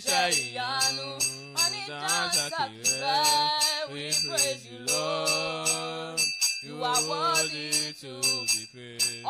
we praise you, Lord. You are worthy to be praised.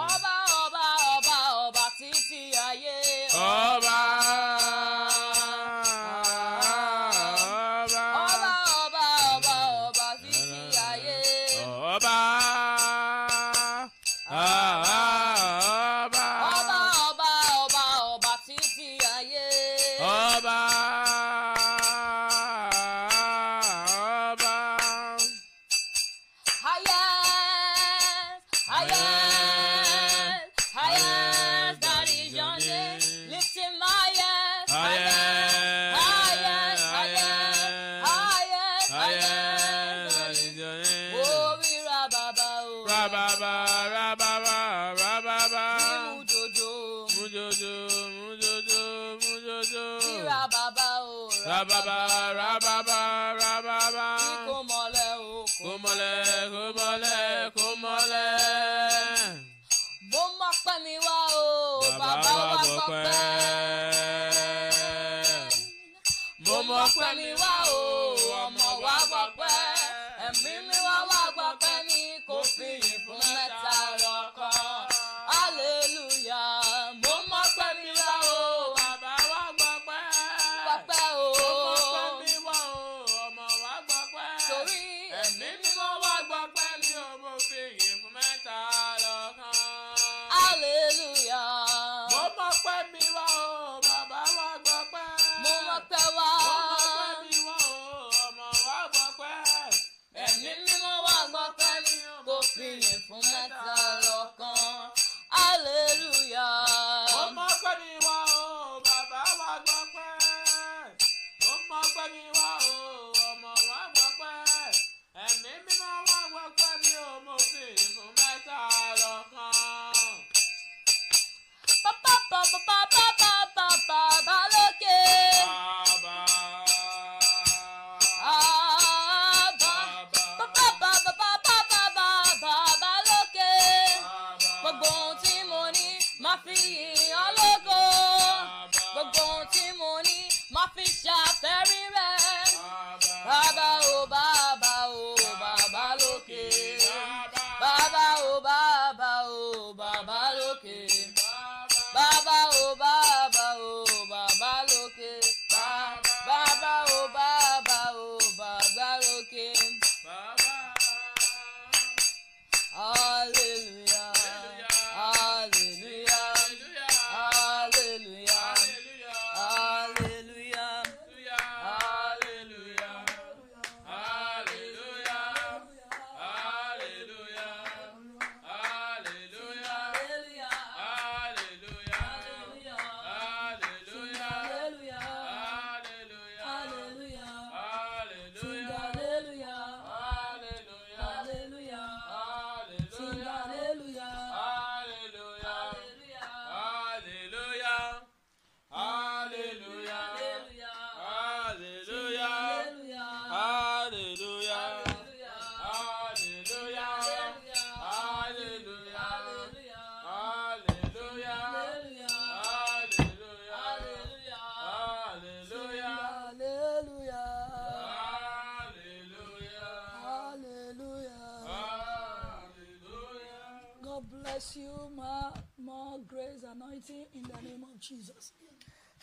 nineteen in the name of Jesus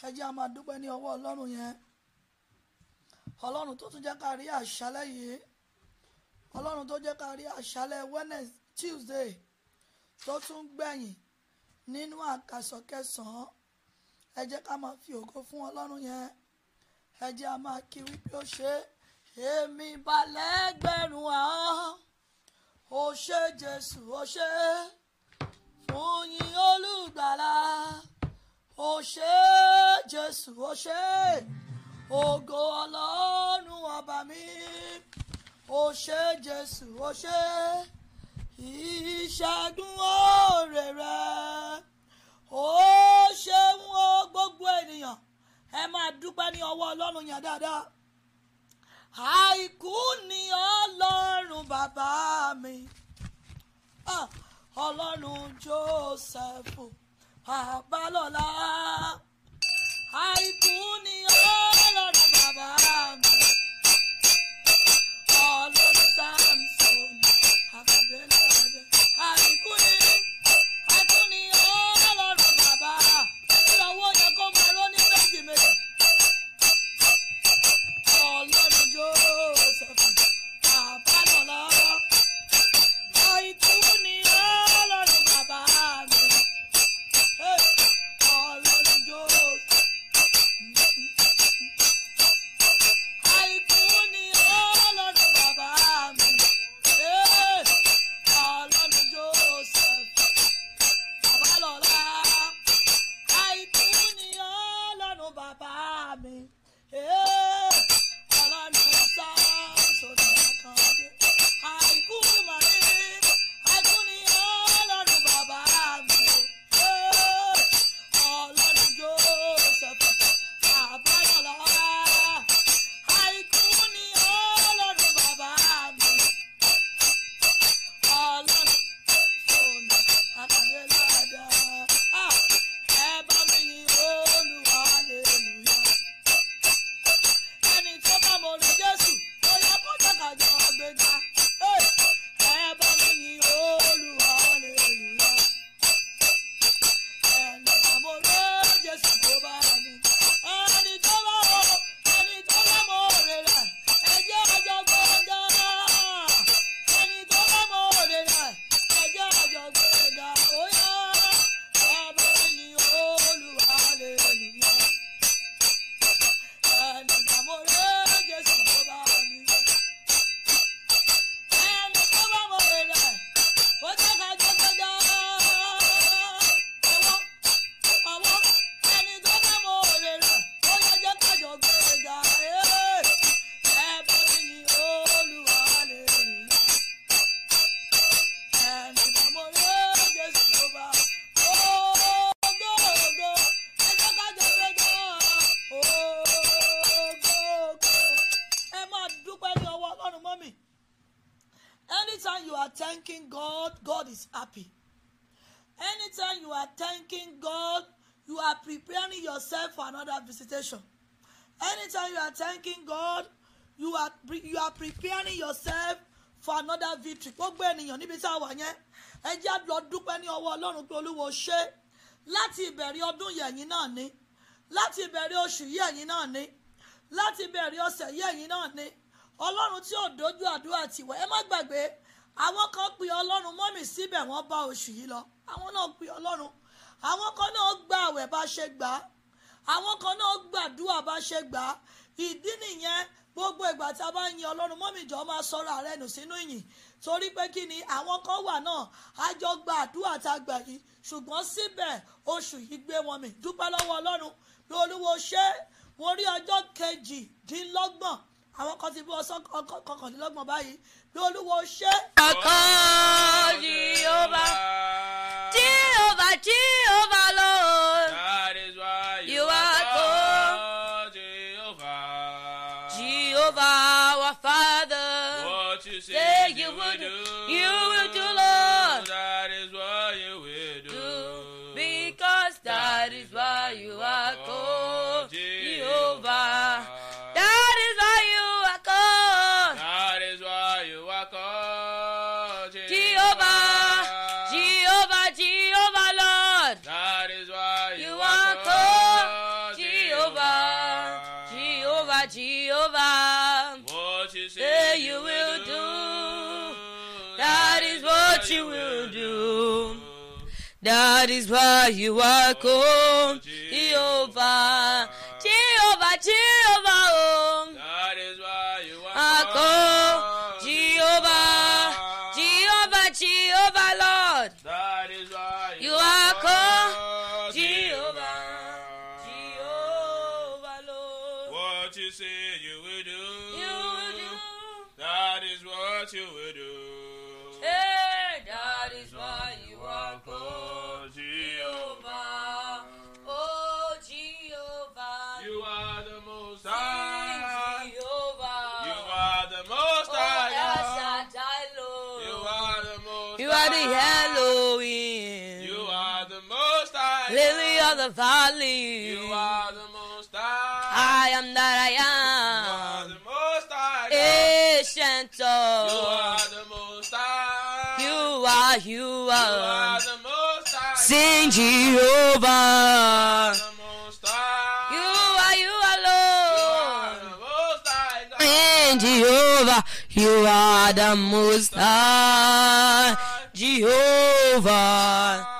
ẹ jẹ́ a máa dúpẹ́ ní ọwọ́ ọlọ́run yẹn ọlọ́run tó tún jẹ́ ká rí àṣálẹ́ yìí ọlọ́run tó jẹ́ ká rí àṣálẹ́ Wednesday Tuesday tó tún gbẹ̀yìn nínú àkàsọ̀ án ẹ jẹ́ ká máa fi ògo fún ọlọ́run yẹn ẹ jẹ́ a máa kiri bí ó ṣe èmi balẹ̀ gbẹ̀rún àwọn ó ṣe Jésù ó ṣe é mo yin olùgbàlà o ṣé jésù o ṣé ògo ọlọ́run ọba mi o ṣé jésù o ṣé ìṣẹ́gun òòrè rẹ o ṣeun o gbogbo ènìyàn ẹ máa dúpẹ́ ní ọwọ́ ọlọ́run yẹn dáadáa àìkú ni ọlọ́run bàbá mi. Ah ọlọ́run Jósẹ́fù àbálọ́lá àìkú ni ọlọ́run bàbá mi. God is happy. Anytime you are thanking God, you are preparing yourself for another visitation. Anytime you are thanking God, you are you are preparing yourself for another victory. Gbogbo ènìyàn níbi tí a wà yẹn, ẹ jẹ́ lọ dúpẹ́ ní ọwọ́ Ọlọ́run pé Olúwo ṣe. Láti ìbẹ̀rẹ̀ ọdún yẹ̀yìn náà ni. Láti ìbẹ̀rẹ̀ oṣù yẹ̀yìn náà ni. Láti ìbẹ̀rẹ̀ ọ̀sẹ̀ yẹ̀yìn náà ni. Ọlọ́run tí ò dojú àdúrà tiwọ̀. Ẹ má gbàgbé àwọn kan pe ọlọ́run mọ́mì síbẹ̀ wọ́n bá oṣù yìí lọ àwọn náà pe ọlọ́run àwọn kan náà gba àwẹ̀ bá ṣe gbà á àwọn kan náà gbàdúrà bá ṣe gbà á ìdí nìyẹn gbogbo ìgbà tí a bá yin ọlọ́run mọ́mì jọ máa sọ̀rọ̀ ààrẹ nù sínú ìyìn torí pé kí ni àwọn kan wà náà a jọ gba àdúrà tá a gbà yìí ṣùgbọ́n síbẹ̀ oṣù yìí gbé wọn mì dúpẹ́ lọ́wọ́ ọlọ́run bí olúwo ṣe mo rí ọjọ́ kejìdínlọ́gbọ̀n àwọn kan ti bí ọsán kọkàndínlọ́gbọ̀n báyìí lolúwo ṣe. ọkọ Jehovah Jehovah Jehovah. That is why you are called Jehovah, Jehovah, Jehovah. the valley. You are the most high. I am that I am. You are the most high. Ancient You are the most high. You are, you are. You are the most high. Sing Jehovah. You are You You are the most high. Jehovah, you are the most high. Jehovah.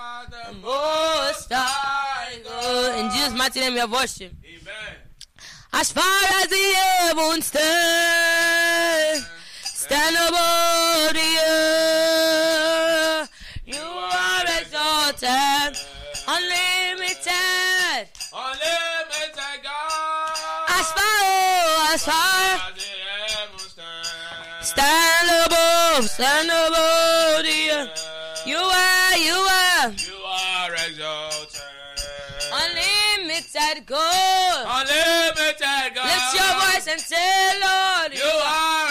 His mighty name we have worship. Amen. As far as the heavens stand, stand above the earth. You are exalted, unlimited, unlimited God. As far, oh, as far as the heavens stand, stand above, stand above the earth. You are, you are. You lifted God. Unlimited God. Lift your voice and say, Lord, you, you are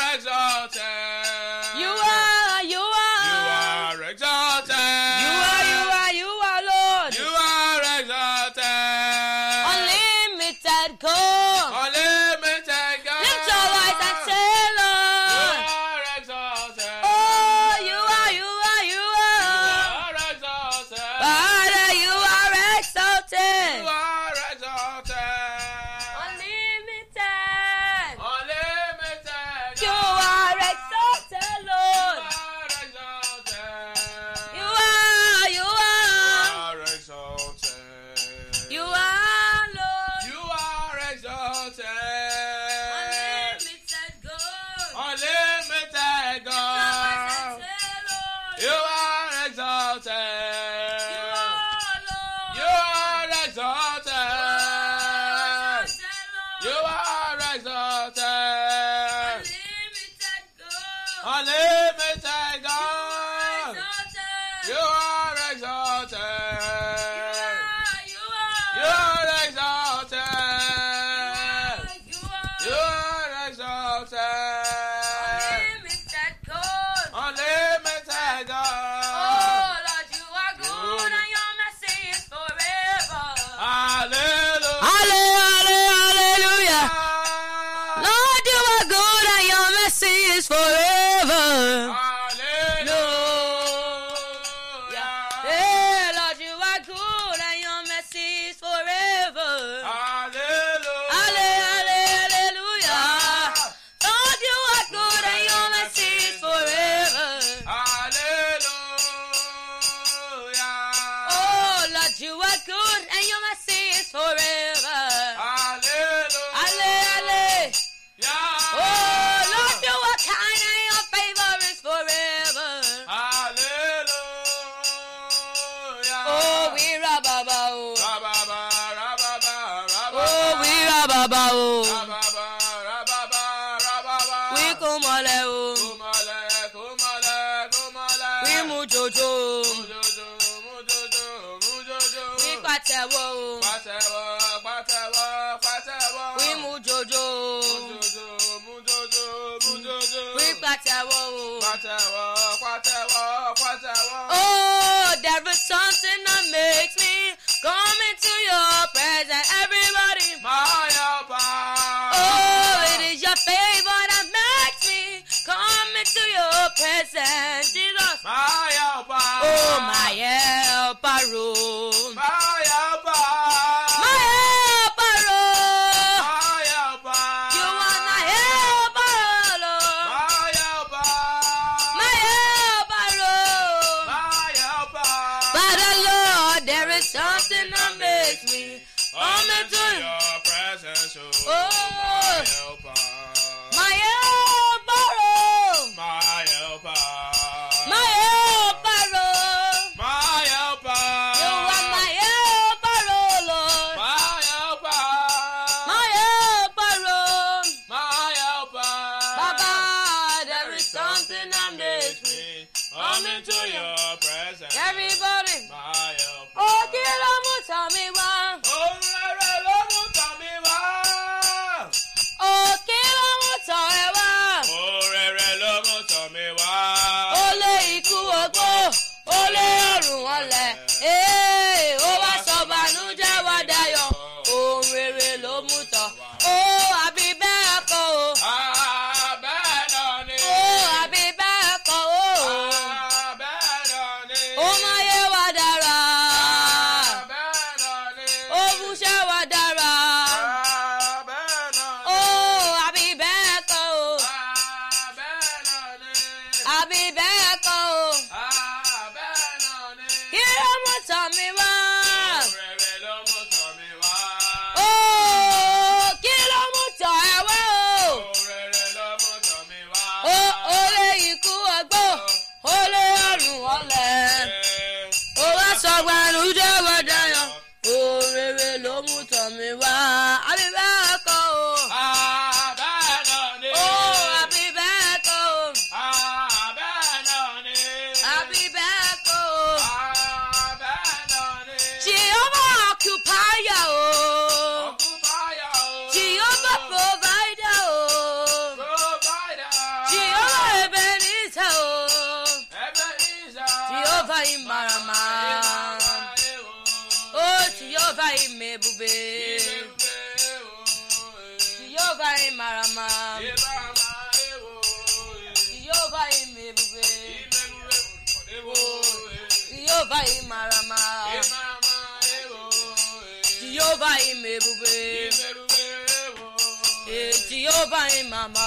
rababa o. wí kó o. wí mú o. wí pàtẹ́wọ́ o. wí mú o. wí pàtẹ́wọ́ o. Oh, there is something that makes me come into your presence. Everybody. present Jesus. My helper. Oh, my helper. Oh. ebube eti ọba ị mama.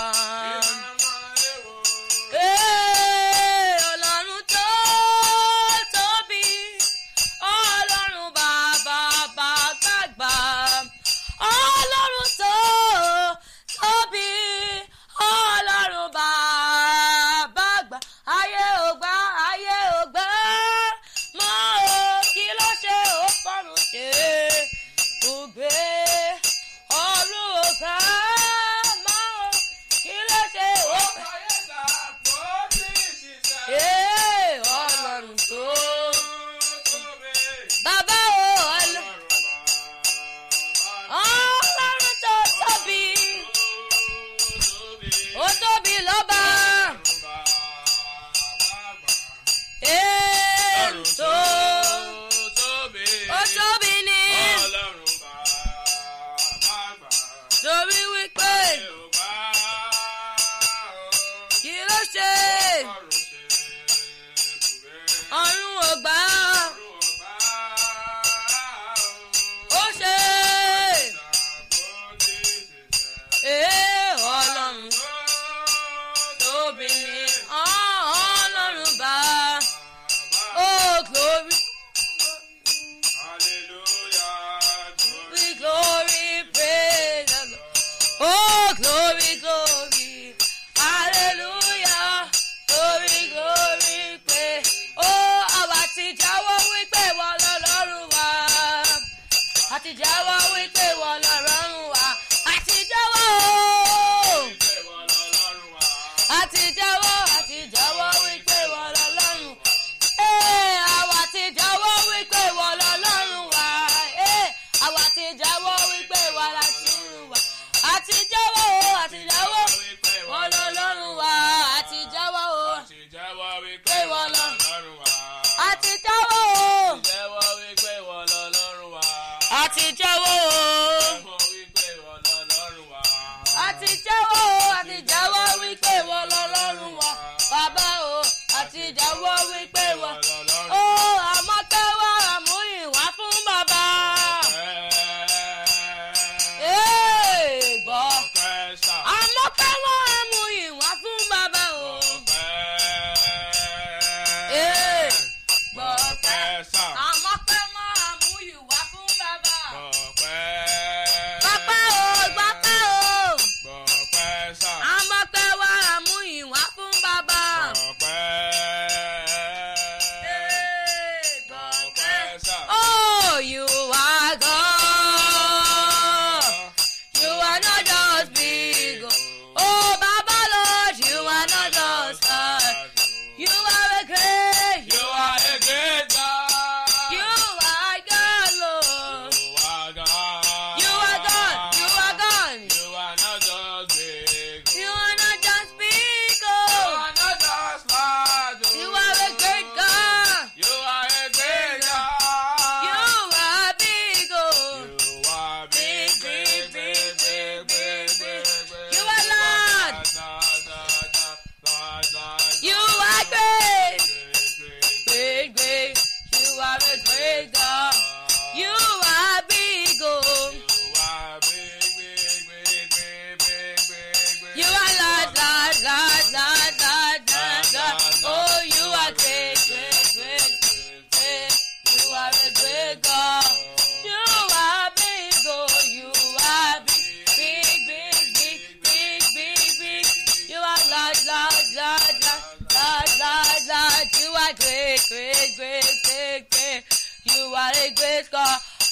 alegresca.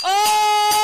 Oh!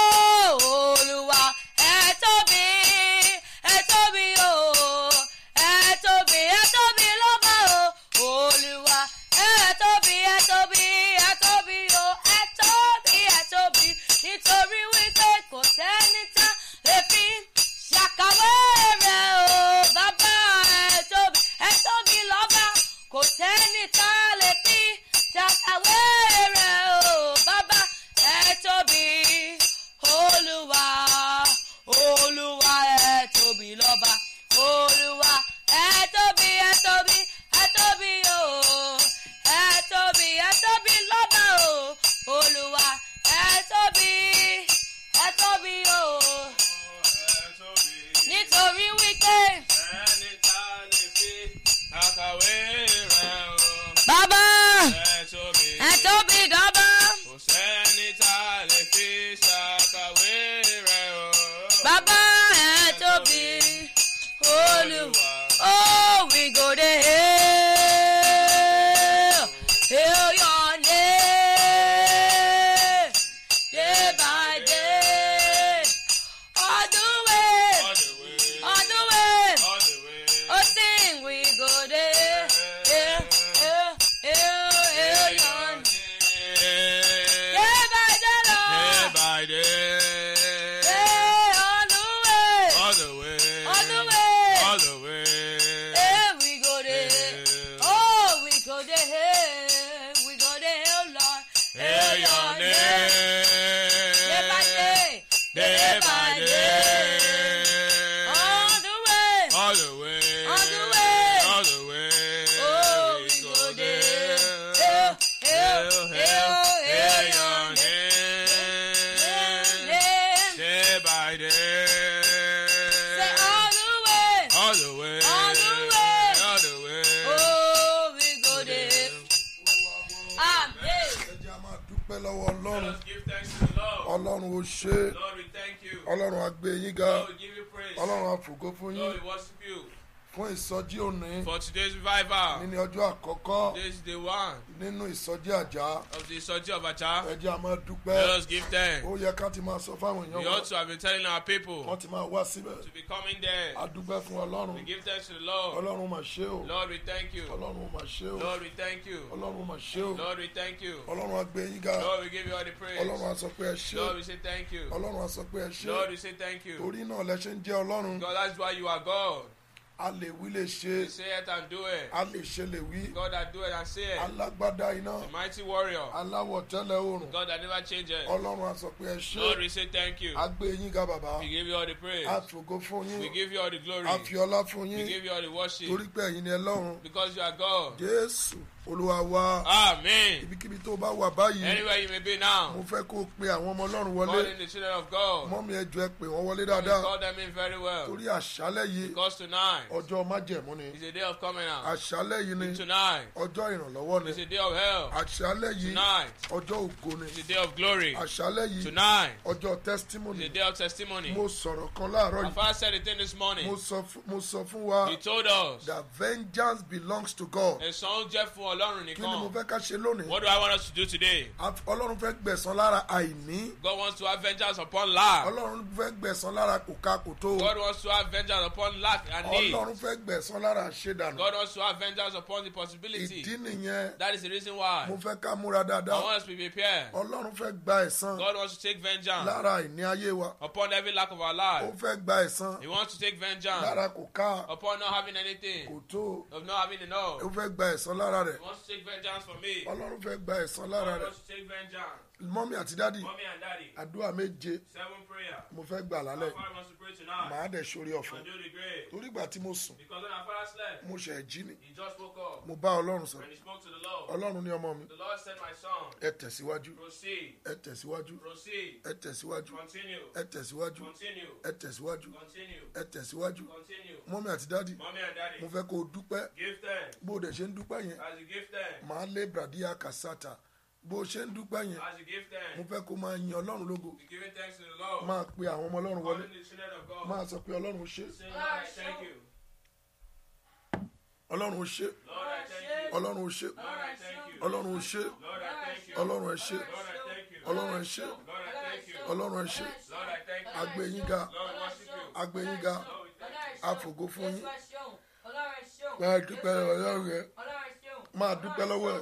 ṣe ọlọ́run á gbé yín ga ọlọ́run á fògo fún yín fún ìsọjí òní. for today's revival. ní ọjọ́ àkọ́kọ́. this is the one. nínú ìsọjí àjà. of the ìsọjí of àjà. ẹ a máa dúpẹ́. let us give thanks. ó yẹ ká ti máa sọ fáwọn èèyàn. we ought to have been telling our people. wọ́n ti máa wá síbẹ̀. to be coming there. a dúpẹ́ fún ọlọ́run. we give thanks to the lord. ọlọ́run mà ṣe o. lord we thank you. ọlọ́run mà ṣe o. lord we thank you. ọlọ́run mà ṣe o. lord we thank you. ọlọ́run á gbé yín ga. lord we give you all the praise. ọlọ́run á sọ pé ẹ ṣe. lord we say thank you. ọlọ́run á sọ pé ẹ ṣe. lord we say thank you. torí náà lẹ God that's why you are God a lè wí lè ṣe. say it and do it. a lè ṣe lè wí. God that do it and say it. alágbádá iná. mighty warrior. aláwọ̀ tẹ́lẹ̀ oòrùn. God that never changes. ọlọ́run aṣọ pé ẹ ṣe. say thank you. a gbé yín ga bàbá. we give you all the praise. a tògo fún yín. we give you all the glory. a fi ọlá fún yín. we give you all the worship. torí pé ẹ̀yin ni ẹ lọ́run. because you are God. Jésù. Yes olúwa ibikíbi tó bá wà báyìí. anywhere you may be now. mo fẹ́ kó pe àwọn ọmọ ọlọ́run wọlé. calling the children of God. mọ́mí ẹjọ́ ẹ pè wọ́n wọlé dáadáa. them in very well. torí àṣálẹ̀ yìí. because tonight. ọjọ́ májẹ̀mú ni. a day of coming out. àṣálẹ̀ yìí ni. tonight. ọjọ́ ìrànlọ́wọ́ ni. a day of help. àṣálẹ̀ yìí. tonight. ọjọ́ ògo ni. a day of glory. àṣálẹ̀ yìí. tonight. ọjọ́ testimony. a day of testimony. mo sọ̀rọ̀ kan láàárọ̀ yìí. afa said a this morning. mo sọ fún wa. he told us. that vengeance belongs to God. ẹ̀sán jẹ́ fún ọ ọlọ́run nìkan. kí ni mo fẹ́ ká ṣe lónìí. what do I want us to do today. ọlọ́run fẹ́ gbẹ̀sán lára àìní. God wants to have vengeance upon lack. ọlọ́run fẹ́ gbẹ̀sán lára kòkà kòtó. God wants to have vengeance upon lack and need. ọlọ́run fẹ́ gbẹ̀sán lára àṣedànù. God wants to have vengeance upon the possibility. ìdí nìyẹn. that is the reason why. mo fẹ́ ká múra dáadáa. I want us to be prepared. ọlọ́run fẹ́ gba ẹ̀san. God wants to take vengeance. lára àìní ayé wa. upon every lack of our life. ó fẹ́ gba ẹ̀san. he wants to take vengeance. lára kòkà. upon not having anything. kòtó. of not having enough. ó fẹ́ gba ẹ̀san lára rẹ̀ wants to take vengeance for me. Ọlọ́run fẹ́ gba ẹ̀san lára rẹ̀. God wants take vengeance mọ́mí àti dádì àdúrà méje mo fẹ́ gbà lálẹ́ màá dẹ̀ sórí ọ̀fẹ́ torí ìgbà tí mo sùn mo ṣẹ̀ jí ni mo bá ọlọ́run sọ̀rọ̀ ọlọ́run ní ọmọ mi ẹ tẹ̀síwájú ẹ tẹ̀síwájú ẹ tẹ̀síwájú ẹ tẹ̀síwájú ẹ tẹ̀síwájú ẹ tẹ̀síwájú mọ́mí àti dádì mo fẹ́ kó o dúpẹ́ bó o dẹ̀ ṣe ń dúpẹ́ yẹn màá lé Bradia kasata bó ṣe ń dúpẹ́ yẹn mo fẹ́ kó máa yin ọlọ́run lógo máa pe àwọn ọmọ ọlọ́run wọlé máa sọ pé ọlọ́run ṣe ọlọ́run ó ṣe ọlọ́run ó ṣe ọlọ́run ó ṣe ọlọ́run ẹ ṣé ọlọ́run ẹ ṣé ọlọ́run ẹ ṣé agbẹ̀yìnga agbẹ̀yìnga àfògo fún yín máa dúpẹ́ ọlọ́run ẹ máa dúpẹ́ lọ́wọ́ ẹ.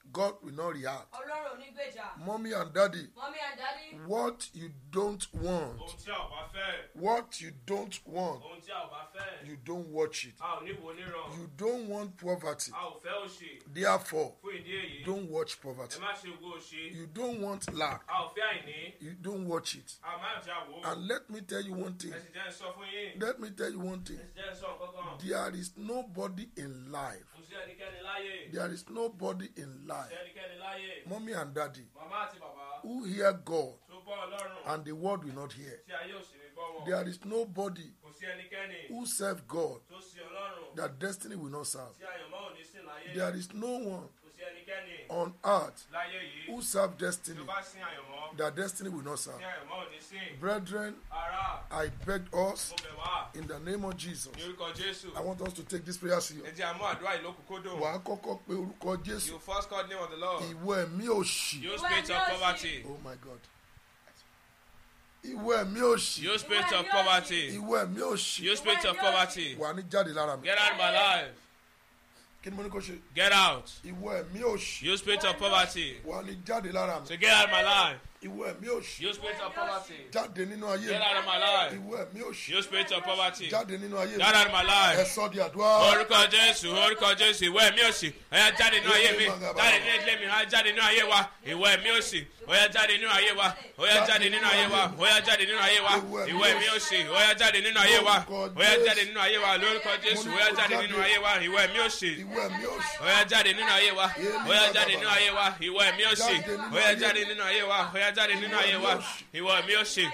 God will not react. Mommy and daddy, what you don't want, what you don't want, you don't watch it. You don't want poverty. Therefore, don't watch poverty. You don't want lack. You don't watch it. And let me tell you one thing. Let me tell you one thing. There is nobody in life There is nobody in life, mommy and daddy, who hear God and the world will not hear. There is nobody who serve God that destiny will not serve. There is no one on earth who serve destiny that destiny will not serve. Brethren, I beg us in the name of Jesus. I want us to take this prayer serious. Wà á kọ́kọ́ pe orúkọ Jésù. You first call the name of the Lord. Ìwọ ẹ̀mí òṣì. You spirit of poverty. Oh my God. Ìwọ ẹ̀mí òṣì. You spirit of poverty. Ìwọ ẹ̀mí òṣì. You spirit of poverty. Wà á ní jáde lára mi. Get out of my life get out. ìwọ you spirit of poverty. wà so get out of my life. Ìwọ ẹ̀mí òṣì. You spirit of poverty. Jáde nínú ayé mi. Get out of my life. Ìwọ ẹ̀mí òṣì. You spirit of poverty. Jáde nínú ayé mi. Get out of my life. Ẹ sọ di àdúrà. Orúkọ Jésù, orúkọ Jésù, ìwọ ẹ̀mí òṣì. Oya jáde nínú ayé mi. Jáde nínú ilé mi. Oya jáde nínú ayé wa. Ìwọ ẹ̀mí òṣì. Ọ̀yá jáde nínú ayé wa. Oya jáde nínú ayé wa. Oya jáde nínú ayé wa. Ìwọ ẹ̀mí òṣì. Ọ̀yá jáde nínú ayé wa. Oya jáde nínú ayé wa. Lórúkọ Jésù. Oya jáde nínú ayé wa. Ìwọ ẹ̀mí òṣì. Ọ̀yá jáde nínú ayé wa. Oya jáde nínú ayé wa. Ìwọ ẹ̀mí òṣì. Ọ̀yá jáde nínú wa yá jáde nínú ayé wa ìwọ mi ó ṣe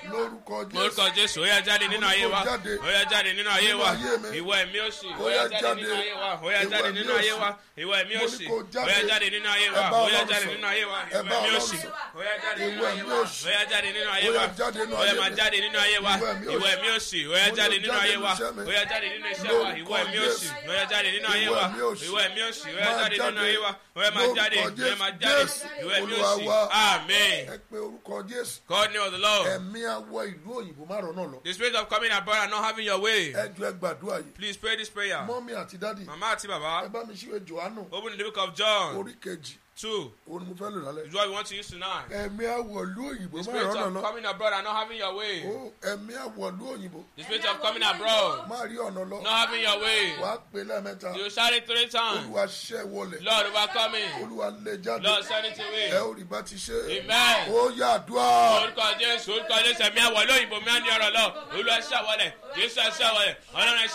lórúkọ jésù ó yá jáde nínú ayé wa ó yá jáde nínú ayé wa ìwọ mi ó ṣe ó yá jáde nínú ayé wa ó yá jáde nínú ayé wa ìwọ mi ó ṣe ó yá jáde nínú ayé wa ó yá jáde nínú ayé wa ìwọ mi ó ṣe ó yá jáde nínú ayé wa ó yá jáde nínú ayé wa ó yá máa jáde nínú ayé wa ìwọ mi ó ṣe ó yá jáde nínú ayé wa ó yá jáde nínú iṣẹ́ wa ìwọ mi ó ṣe ó yá jáde nínú ayé wa ìwọ mi ó ṣe ó yá jáde nínú ayé wa ó yá máa jáde ó yá máa jáde ìwọ mi ó ṣe amen. lórúkọ jésù. God name of the Lord. ẹ̀mí awọ ìlú òyìnbó márùn náà lọ. the spirit of coming abroad and not having your way. ẹ jọ ẹ gbàdúrà yìí. please pray this prayer. mọ́mí àti dádì. màmá àti bàbá. ẹ bá mi ṣíwèé johannu. open the book of John. orí kejì. Two. Òun ni mo fẹ́ lò lálẹ́. Is what we want to use tonight. Ẹ̀mí àwọ̀lú òyìnbó máa rán ọ̀nà The spirit of coming abroad and not having your way. Oh, ẹ̀mí àwọ̀lú òyìnbó. The spirit of coming abroad. Máa rí ọ̀nà lọ. Not having your way. Wà pè lẹ́ẹ̀mẹ́ta. You shout it three times. Olúwa ṣẹ́ wọlé. Lord overcome me. Olúwa lè jáde. Lord send it away. Ẹ ò rí bá ti ṣe. Amen. Ó yà àdúrà. Orúkọ Jésù, orúkọ Jésù, ẹ̀mí àwọ̀lú òyìnbó mi á ní ọ̀rọ̀ lọ. Olúwa ṣẹ́ wọlé. Jésù ẹ̀ ṣẹ́ wọlé. Ọlọ́run ẹ̀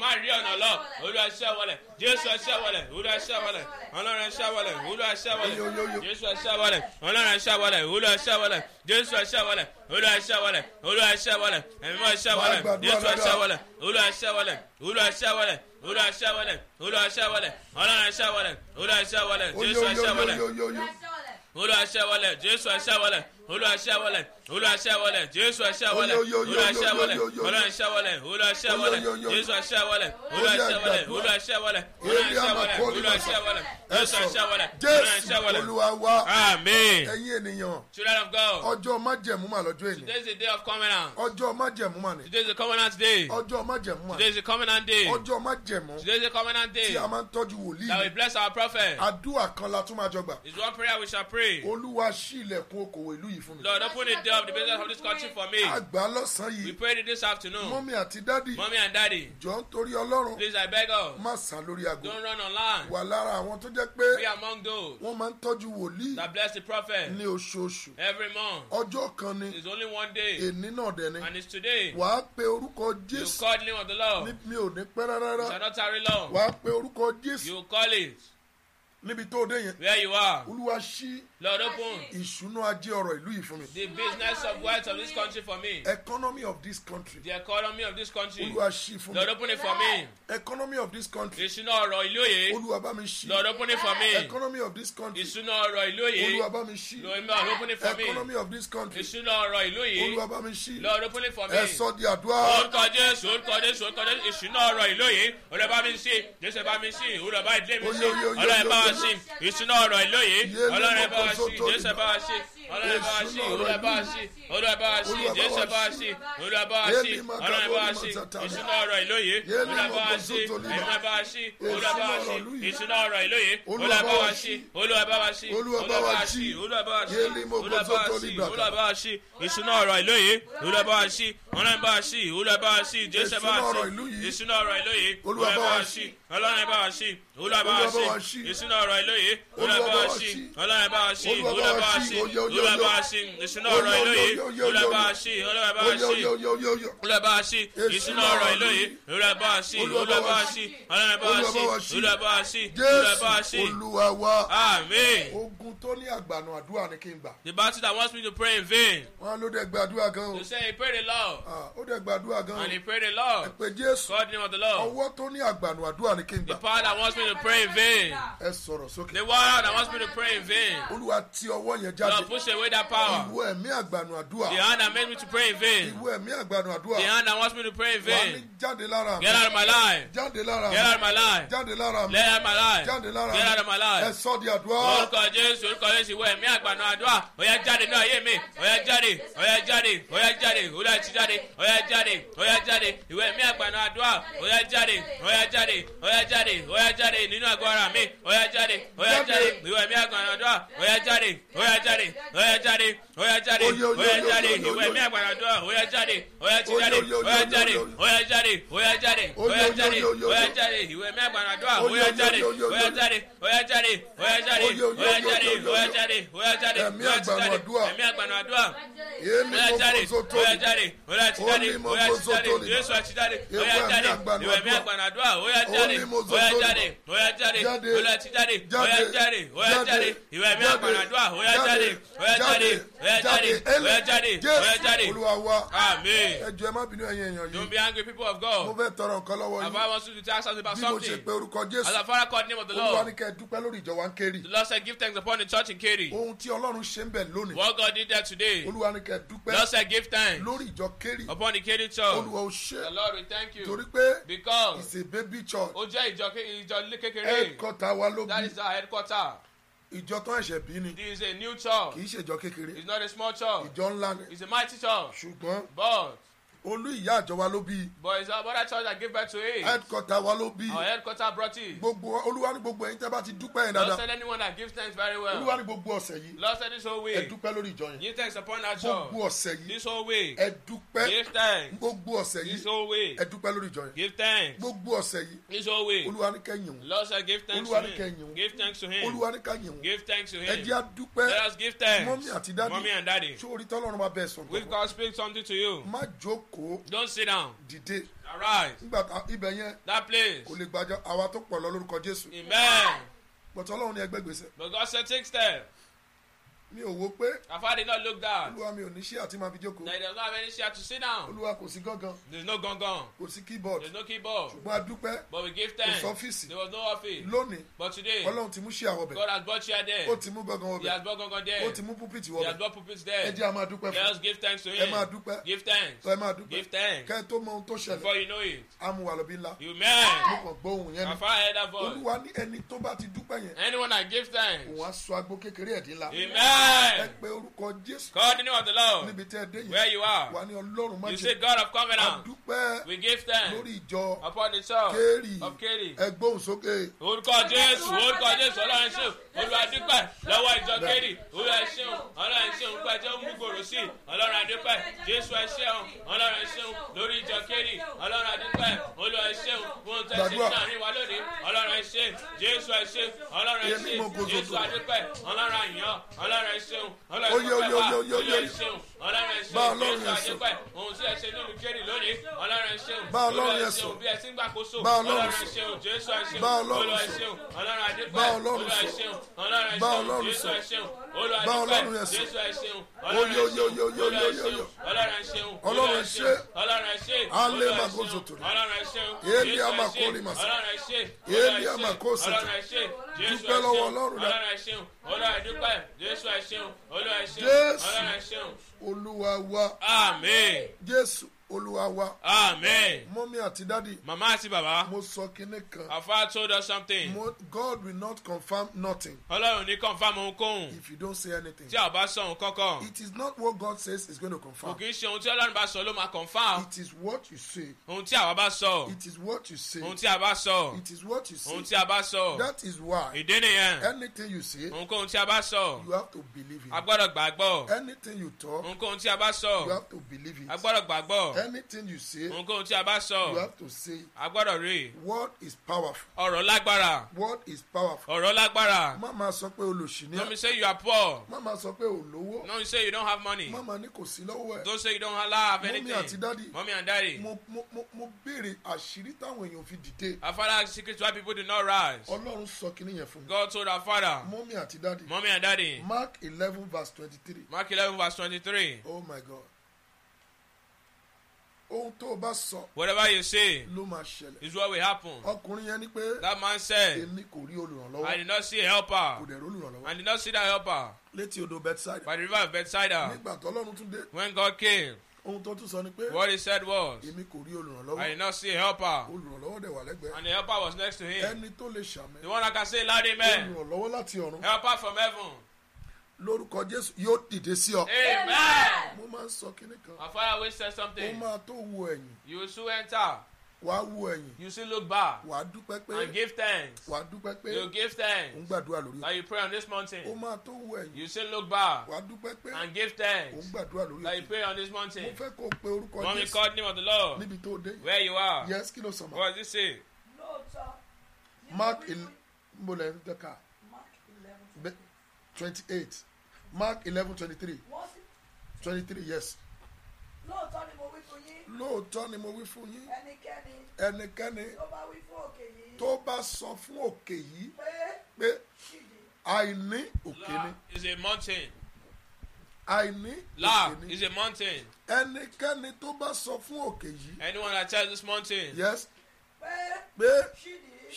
má rí ọ̀nà lọ. Olúwa ṣẹ́ wọlé. Jésù ẹ̀ aṣáwọlẹ̀ olú aṣáwọlẹ̀ ọlọ́run aṣáwọlẹ̀ olú aṣáwọlẹ̀ jésù aṣáwọlẹ̀ ọlọ́run aṣáwọlẹ̀ olú aṣáwọlẹ̀ jésù aṣáwọlẹ̀ olú aṣáwọlẹ̀ olú aṣáwọlẹ̀ ẹ̀mí aṣáwọlẹ̀ jésù aṣáwọlẹ̀ olú aṣáwọlẹ̀ olú aṣáwọlẹ̀ olú aṣáwọlẹ̀ olú aṣáwọlẹ̀ ọlọ́run aṣáwọlẹ̀ olú aṣáwọlẹ̀ jésù aṣáwọlẹ̀ olú aṣáwọlẹ̀ jésù aṣáwọlẹ̀ olú aṣáwọlẹ̀ olúwa ṣẹ́wọ́lẹ̀ jésù ṣẹ́wọ́lẹ̀ olúwa ṣẹ́wọ́lẹ̀ ọlọ́run ṣẹ́wọ́lẹ̀ olúwa ṣẹ́wọ́lẹ̀ jésù ṣẹ́wọ́lẹ̀ olúwa ṣẹ́wọ́lẹ̀ olúwa ṣẹ́wọ́lẹ̀ olúwa ṣẹ́wọ́lẹ̀ jésù ṣẹ́wọ́lẹ̀ ọlọ́run ṣẹ́wọ́lẹ̀ amen. ẹ̀yin ènìyàn children of God ọjọ́ májẹ̀mú mà lọ́jọ́ èlé today is the day of covenant ọjọ́ májẹ̀mú mà ni today is the covenant day ọjọ́ májẹ̀mú mà today is the covenant day ọjọ́ májẹ̀mú today is the covenant day tí a máa ń tọ́jú wòlíì that we bless our prophet àdúrà kan la tún máa jọ gbà is one prayer we shall pray olúwa ṣí okòwò ìlú yìí fún mi lord open the leader the business of this country for me. àgbà lọ́sàn yìí. we prayed this afternoon. mọ́mí àti dádì. mọ́mí and dádì. jọ ń torí ọlọ́run. please i beg of. má sá lórí ago. don't run on land. wà lára àwọn tó jẹ́ pé. be among those. wọ́n máa ń tọ́jú wòlíì. that bless the prophet. ní oṣooṣù. every month. ọjọ́ kan ni. is only one day. èní náà dẹ̀ ni. and it's today. wà á pe orúkọ jésù. you call the name of the lord. mi ò ní pẹ́ rárá. it's another long. wà á pe orúkọ jésù. you call it níbi tó dé yẹn. where you are. olúwa ṣí. lord open. ìṣúná ajé ọrọ̀ ìlú yìí fún mi. the business of wealth of this country for me. economy of this country. the economy of this country. olúwa ṣí fún mi. lord open it for me. economy of this country. ìṣúná ọrọ̀ ìlú yìí. olúwa bá mi ṣí. lord open it for me. economy of this country. ìṣúná ọrọ̀ ìlú yìí. olúwa bá mi ṣí. lord open it for me. economy of this country. ìṣúná ọrọ̀ ìlú yìí. olúwa bá mi ṣí. lord open it for me. ẹ̀sọ́ di àdúrà. orúkọ jésù orúkọ jésù orúkọ jésù ìṣúná ọrọ̀ ìlú yìí. olùbá mi ṣí jésù bá mi ṣí olùbá ìdílé mi ṣí ọlọ́yẹ̀ bá sí ìṣúná ọ̀rọ̀ ìlóye ọlọ́run ẹ bá wa sí ìjẹ́sẹ̀ bá wa sí ọlọ́run bá wa ṣí olúwa bá wa ṣí olúwa bá wa ṣí jésù bá wa ṣí olúwa bá wa ṣí ọlọ́run bá wa ṣí ìṣúná ọ̀rọ̀ ìlóye olúwa bá wa ṣí ìṣúná bá wa ṣí olúwa bá wa ṣí ìṣúná ọ̀rọ̀ ìlóye olúwa bá wa ṣí olúwa bá wa ṣí olúwa bá wa ṣí ọlọ́run bá ṣí olúwa jésù bá ṣí ìṣúná ọ̀rọ̀ ìlóye olúwa ọlọ́run bá ṣí olúwa bá ọ̀rọ̀ ìlóye olúwa ọlọ́run bá ṣí olúwa olúwa bá a ṣe ìṣúná ọ̀rọ̀ ìlóye olúwa bá a ṣe olúwa bá a ṣe olúwa bá a ṣe ìṣúná ọ̀rọ̀ ìlóye olúwa bá a ṣe olúwa bá a ṣe olúwa bá a ṣe olúwa bá a ṣe olúwa bá a ṣe olúwa wá. tó ní àgbànú àdúrà ni kí n gbà. the battle that wants me to pray in vain. wọn ló dẹ gbàdúrà gan to say he prayed the lord. Ah, ó dẹ gbàdúrà gan and he pray the lord. ẹ pé jésù. God name of the lord. ọwọ́ tó ní àgbànú àdúrà ni kí n gbà. the power that wants me to pray in vain. ẹ sọ̀rọ̀ sókè. the power that wants me to pray in vain. olúwa ti ọwọ́ yẹn jáde. lord push away that power. ìwọ ẹ̀mí àgbànú àdúrà. the hand that made me to pray in vain. ìwọ ẹ̀mí àgbànú àdúrà. the hand that wants me to pray in vain. wà ní jáde lára mi. get out of my life. jáde lára mi. get out of my life. jáde lára mi. get out of my life. get out of my life. ẹ sọ di àdúrà. orúkọ jésù orúkọ yéṣu wẹ̀ mí àgbàna àdúrà ọ̀yá jáde náà yé mi ọ̀yá jáde ọ̀yá jáde ọ̀yá jáde òwúrọ̀ jáde ọ̀yá jáde ọ̀yá jáde ìwẹ̀ mí àgbàna àdúrà ọ̀yá jáde ọ̀yá jáde ọ̀yá jáde ọ̀yá jáde nínú àgọ́ ara mi ọ̀yá jáde ọ̀yá jáde ìwẹ̀ mí àgbàna àdúrà ọ̀yá jáde ọ̀yá jáde ọ̀yá jáde ọ̀yá jáde ọ̀yá jáde ìwẹ̀ mí àgbàna àdúrà ọ̀yá jáde ọ̀yá jáde ọ̀yá jáde ọ̀yá jáde ọ̀yá jáde ọ̀yá jáde ọ̀yá jáde ìwẹ̀ mí àgbàna àdúrà ọ̀yá jáde ọ̀yá jáde ọ̀yá jáde ọ̀yá jáde ọ̀yá jáde lóyò yìí. don't be angry people of God. having church in Kerry. Ohun tí Ọlọ́run ṣe ń bẹ̀ lónìí. What God did there today. Olúwa ni dúpẹ́. Just give thanks. Lórí ìjọ Kerry. Upon the Kerry church. Olúwa o ṣe. The Lord we thank you. Torí pé. Because. It's a baby church. Ó jẹ́ ìjọ ìjọ kékeré. Headquarter wa ló bí. That is our headquarter ìjọ tó ẹ̀ṣẹ̀ bí ni. this is a new church. kì í ṣèjọ kékeré. it's not a small church. ìjọ ńlá ni. it's a mighty church. ṣùgbọ́n. but olú ìyá àjọ wa ló bí. but our mother church that give back to it. headquarter wa ló bí. our headquarter brought it. gbogbo olúwa ní gbogbo ẹ̀yin tẹ́ bá ti dúpẹ́ yẹn dáadáa. lord said anyone that gives thanks very well. olúwa ní gbogbo ọ̀sẹ̀ yìí. lord said this whole week. ẹ dúpẹ́ lórí ìjọ yẹn. give thanks upon that job. gbogbo ọ̀sẹ̀ yìí. this whole way. ẹ dúpẹ́. give thanks. gbogbo ọ̀sẹ̀ yìí. this whole way. ẹ dúpẹ́ lórí ìjọ yẹn. give thanks. gbogbo ọ̀sẹ̀ yìí. this whole way. olúwa ní kẹ́yìn òun. lord said give thanks to him. olúwa ní kẹ́yìn òun. give thanks to him. olúwa ní kẹ́yìn òun. give thanks to him. ẹ let us give thanks. mọ́mí and dáàdì. sórí tọ́lọ́run máa bẹ̀ sọ̀rọ̀. we've got to speak something to you. má jókòó jókòó. don't sit down. dìde. arise. nígbà tá ibẹ̀ yẹn. that place. kò lè gbàjọ àwa tó pọ̀ lọ lórúkọ jésù. amen. bọ̀tọ̀ ọlọ́run ni ẹgbẹ́ gbèsè. but God said take step mi ò wo pé. Àfáà did not look down. Olúwa mi ò ní ṣíà tí màá fi jókòó. There does not have any chair to sit down. Olúwa kò sí gángan. There is no gángan. Kò sí keyboard. There is no keyboard. Ṣùgbọ́n a dúpẹ́. But we give thanks. Kò sọ ọ́fíìsì. There was no office. Lónìí. But today. Ọlọ́run ti mú ṣíà wọbẹ̀. God has brought you there. Ó ti mú gángan wọbẹ̀. He has brought gángan there. Ó ti mú pulpit wọbẹ̀. He has brought pulpit there. Ẹ jẹ́ a máa dúpẹ́ fún. Let us give thanks to him. Ẹ máa dúpẹ́. Give thanks. Ẹ máa dúpẹ́. Give thanks. Kẹ́ ẹ tó mọ ohun tó ṣẹlẹ̀. Before you know it. Amúwàlọ́bí ńlá. You men. Mo kàn gbọ́ ohun yẹn ni. Àfáà heard that voice. Olúwa ní ẹni tó bá ti dúpẹ́ yẹn. Anyone that gives thanks. Òun á sọ agbó kékeré ẹ̀dín Amen. Amen. Ẹ pe orúkọ Jésù. of the Lord. Níbi tí ẹ dé yìí. Where you are. Wà ní Ọlọ́run má jẹ. You say God of covenant. Adúpẹ́. We give them Lórí ìjọ. Upon the church. Kéèrì. Of Kéèrì. Ẹ sókè. Orúkọ Jésù. Orúkọ Jésù. Ọlọ́run ṣe. Olúwa dúpẹ́. Lọ́wọ́ ìjọ Kéèrì. Olúwa ẹ ṣeun. Ọlọ́run ṣe òun pẹ́ jẹ́ òun gbòòrò sí. Ọlọ́run adúpẹ́. Jésù ẹ ṣeun. Ọlọ́run ẹ ṣeun. Lórí ìjọ Kéèrì. Ọlọ́run adúpẹ́. Olúwa ẹ ṣeun. Wọ́n tẹ́ ọlọ́run oh, yo yo yo yo yo. ọlọ́run ẹ ṣeun. ọlọ́run ẹ ṣeun bá ọlọ́run ẹ ṣeun ohun tí ẹ ṣe nínú kéré lónìí ọlọ́run ẹ ṣeun bá ọlọ́run ẹ ṣeun bí ẹ ti ń gbàkóso ọlọ́run ẹ ṣeun jésù ẹ ṣeun olú ẹ ṣeun ọlọ́run adébọ̀ olú ẹ ṣeun ọlọ́run ẹ ṣeun jésù ẹ ṣeun olú adébọ̀ jésù ẹ ṣeun ọlọ́run ẹ ṣeun olú ẹ ṣeun ọlọ́run ẹ ṣeun ọlọ́run ẹ ṣe ọlọ́run ẹ ṣe alẹ́ makoso tó ní yéèlì amakori masa yéèlì amakoso tó dúpẹ́ lọ́wọ́ ọlọ́run náà jésù ẹ ṣeun olú ẹ ṣeun ọlọ́run ẹ ṣeun olúwa wa. àmín. jésù olúwa amen. mọ́mí àti dádì. màmá àti bàbá. mo sọ kinní kan. afa told us something. mo God will not confirm nothing. ọlọ́run ní confirm ohunkóhun. if you don't say anything. tí a bá sọ ohun kankan. it is not what God says is going to confirm. kò kì í ṣe ohun tí ọlọ́run bá sọ ló máa confirm. it is what you say. ohun tí àwa bá sọ. it is what you say. ohun tí a bá sọ. it is what you say. ohun tí a bá sọ. that is why. ìdí nìyẹn. anything you say. ohunkóhun tí a bá sọ. you have to believe it. a gbọ́dọ̀ gbàgbọ́. anything you talk. ohunkóhun tí a bá sọ. you have to believe it. a gbọ́dọ̀ gbàgbọ́ anything you say. nǹkan tí a bá sọ. you have to say. a gbọ́dọ̀ rí. word is powerful. ọ̀rọ̀ lágbára. word is powerful. ọ̀rọ̀ lágbára. má máa sọ pé olùsí no me say you are poor. má máa sọ pé olówó. no me say you don't have money. má máa ní kò sí lọ́wọ́ ẹ̀. don't say you don't have anything. mọ́mí àti dádì. mọ́mí àti dádì. mo mo mo mo béèrè àṣírí táwọn èèyàn fi dìde. afárá secret why people do not rise. ọlọ́run sọ kíní yẹn fún mi. God told our father. mọ́mí àti dádì. mọ́mí àti dádì. mark eleven verse twenty-three. mark eleven verse twenty-three. oh my god ohun tó o bá sọ. whatever you say. ló máa ṣẹlẹ̀. is what will happen. ọkùnrin yẹn ni pé. that man said. èmi kò rí olùrànlọ́wọ́. i did not see a helper. kò dẹ̀ rí olùrànlọ́wọ́. i did not see that helper. létí odò bedside. by the river of bedside. nígbà tọ́lọ́run tún dé. when God came ohun tó tún sọ ni pé. what he said was. èmi kò rí olùrànlọ́wọ́. I did not see a helper. olùrànlọ́wọ́ dẹ̀ wà lẹ́gbẹ̀ẹ́. and the helper was next to him. ẹni tó lè ṣàmì. the one that can say loud amen. olùrànlọ́wọ́ láti ọ̀run. helper from heaven lórúkọ jésù yóò dìde sí ọ. amen. mo máa ń sọ kínní kan. my father always said something. o máa tó wo ẹ̀yìn. you soon enter. wàá wo ẹ̀yìn. you still look back. wàá dúpẹ́ pé. and give thanks. wàá dúpẹ́ pé. you give thanks. ń gbàdúrà lórí ọ. that you pray on this mountain. o máa tó wo ẹ̀yìn. you still look back. wàá dúpẹ́ pé. and give thanks. ń gbàdúrà lórí ọ. that you pray on this mountain. mo fẹ́ kó pe orúkọ jésù. wọ́n mi name of the lord. níbi tó dé. where you are. yes kí ló sọ ma. what did it say. mark eleven mark eleven twenty-eight. Mark eleven twenty three. twenty three yes. lóòótọ́ ni mo wí fún yín. lóòótọ́ ni mo wí fún yín. ẹnikẹ́ni. ẹnikẹ́ni. tó bá wí fún òkè yìí. tó bá sọ fún òkè yìí. pé àìní òkè ni. is a mountain. àìní òkè ni. is a mountain. ẹnikẹ́ni tó bá sọ fún òkè yìí. anyone that tells this mountain. yes. pé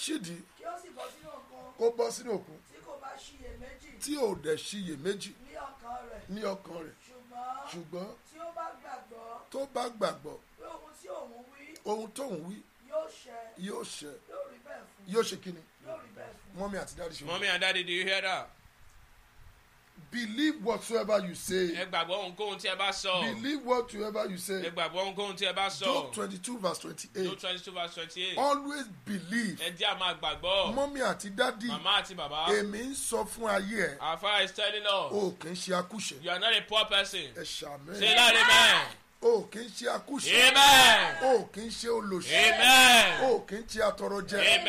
ṣídìí. kí ó sì bọ́ sínú òkun. kó bọ́ sínú òkun. tí kò bá ṣiyèméjì. tí ò dẹ̀ ṣiyèméjì ní ọkàn rẹ̀ ṣùgbọ́n tó bá gbàgbọ́ ohun tóun wí yóò ṣẹ yóò ṣe kí ni mọ́mí àti dáàdi ṣe. mọ́mí àti dáàdi do you hear that? believe whatsoever you say. ẹ gbàgbọ́ ohunkóhun tí ẹ bá sọ. believe whatsoever you say. ẹ gbàgbọ́ ohunkóhun tí ẹ bá sọ. Job twenty two verse twenty eight. Job twenty two verse twenty eight. always believe. ẹ jẹ́ àmà gbàgbọ́. mọ́mí àti dádì. màmá àti bàbá. èmi ń sọ fún ayé ẹ. àfa is telling us. o kì í ṣe akúṣe. you are not a poor person. ẹ ṣàmì. say láre mẹ́ẹ̀ o kì í ṣe akúṣe o kì í ṣe olóṣè o kì í ṣe atọrọjẹ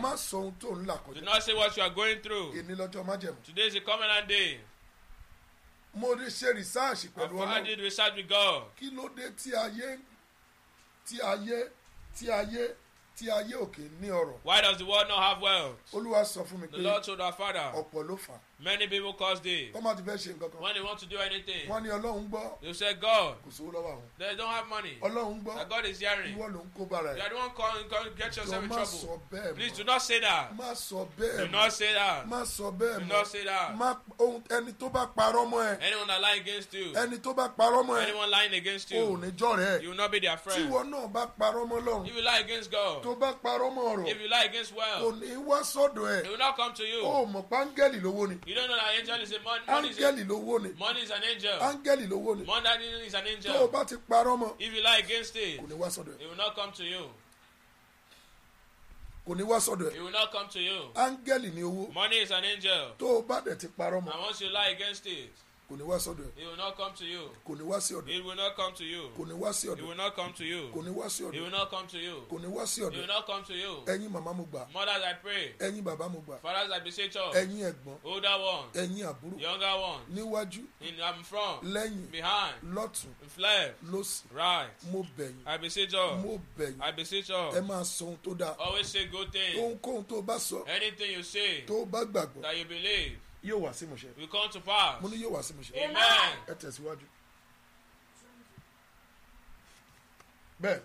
má sọ ohun tó ń là kọjá. do not say what you are going through. èmi májẹ̀mú. today is a common day mo ṣe research pẹ̀lú ọlọ́run. I did research God. kí ló dé tí ayé tí ayé tí ayé tí ayé òkè ní ọrọ̀. why does the world not have wealth. olúwa sọ fún mi pé the lord told our father. ló fà á many people cause dey. tọ́mọ̀ ti fẹ́ ṣe nǹkan kan. when they want to do anything. wọ́n ní ọlọ́run gbọ́. they say God. kò sówó lọ́wọ́ àwọn. they don't have money. ọlọ́run gbọ́. that God is hearing. ìwọ ló ń kó bara ẹ̀. you are the one come come get yourself in trouble. jọ má sọ bẹ́ẹ̀ mọ́. please do not say that. má sọ bẹ́ẹ̀ mọ́. do not say that. má sọ bẹ́ẹ̀ mọ́. do not say that. má ohun ẹni tó bá parọ́ mọ́ ẹ. anyone that lie against you. ẹni tó bá parọ́ mọ́ ẹ. anyone lying against you. o ò jọ rẹ. you will not be their friend. tíwọ náà bá parọ́ mọ́ lọ́run. if you lie against God. tó bá parọ́ mọ́ ọ̀rọ̀. if you lie against well. kò wá sọ́dọ̀ ẹ. he will not come to you. o mọ̀ pángẹ́lì lówó ni. You don't know that angel is a man. Áńgẹ́lì lówó ni. Money is an angel. Angel is a Money is an angel. Tó o bá ti parọ́ mọ́. If you lie against it. Kò ní wá sọ́dọ̀ ẹ̀. It will not come to you kò ní wá sọ̀dọ̀ ẹ̀. he will not come to you. Angel ni owó. money is an angel. tó o bá dẹ̀ ti parọ́ mọ́. and once you lie against it kò ní wá sọ́dọ̀ ẹ̀. he will not come to you. kò ní wá sí ọ̀dọ̀. he will not come to you. kò ní wá sí ọ̀dọ̀. he will not come to you. kò ní wá sí ọ̀dọ̀. he will not come to you. kò ní wá sí ọ̀dọ̀. he will not come to you. ẹyin màmá mo gbà. mothers I pray. ẹyin bàbá mo gbà. fathers I beseech you. ẹyin ẹ̀gbọ́n. older ones. ẹyin àbúrò. younger ones. níwájú. in am from. lẹ́yìn. behind. lọ́tún. left. lọ́sì. right. mo bẹ̀yìn. I beseech you. mo bẹ̀yìn. I beseech you. ẹ máa sọ ohun tó dáa. always say good things. ohunkóhun tó bá sọ. anything you say. tó bá gbàgbọ́. that you believe yóò wá sí ìmúṣẹ. will come to pass. mo ní yóò wá sí ìmúṣẹ. amen. ẹ tẹ̀síwájú. bẹ́ẹ̀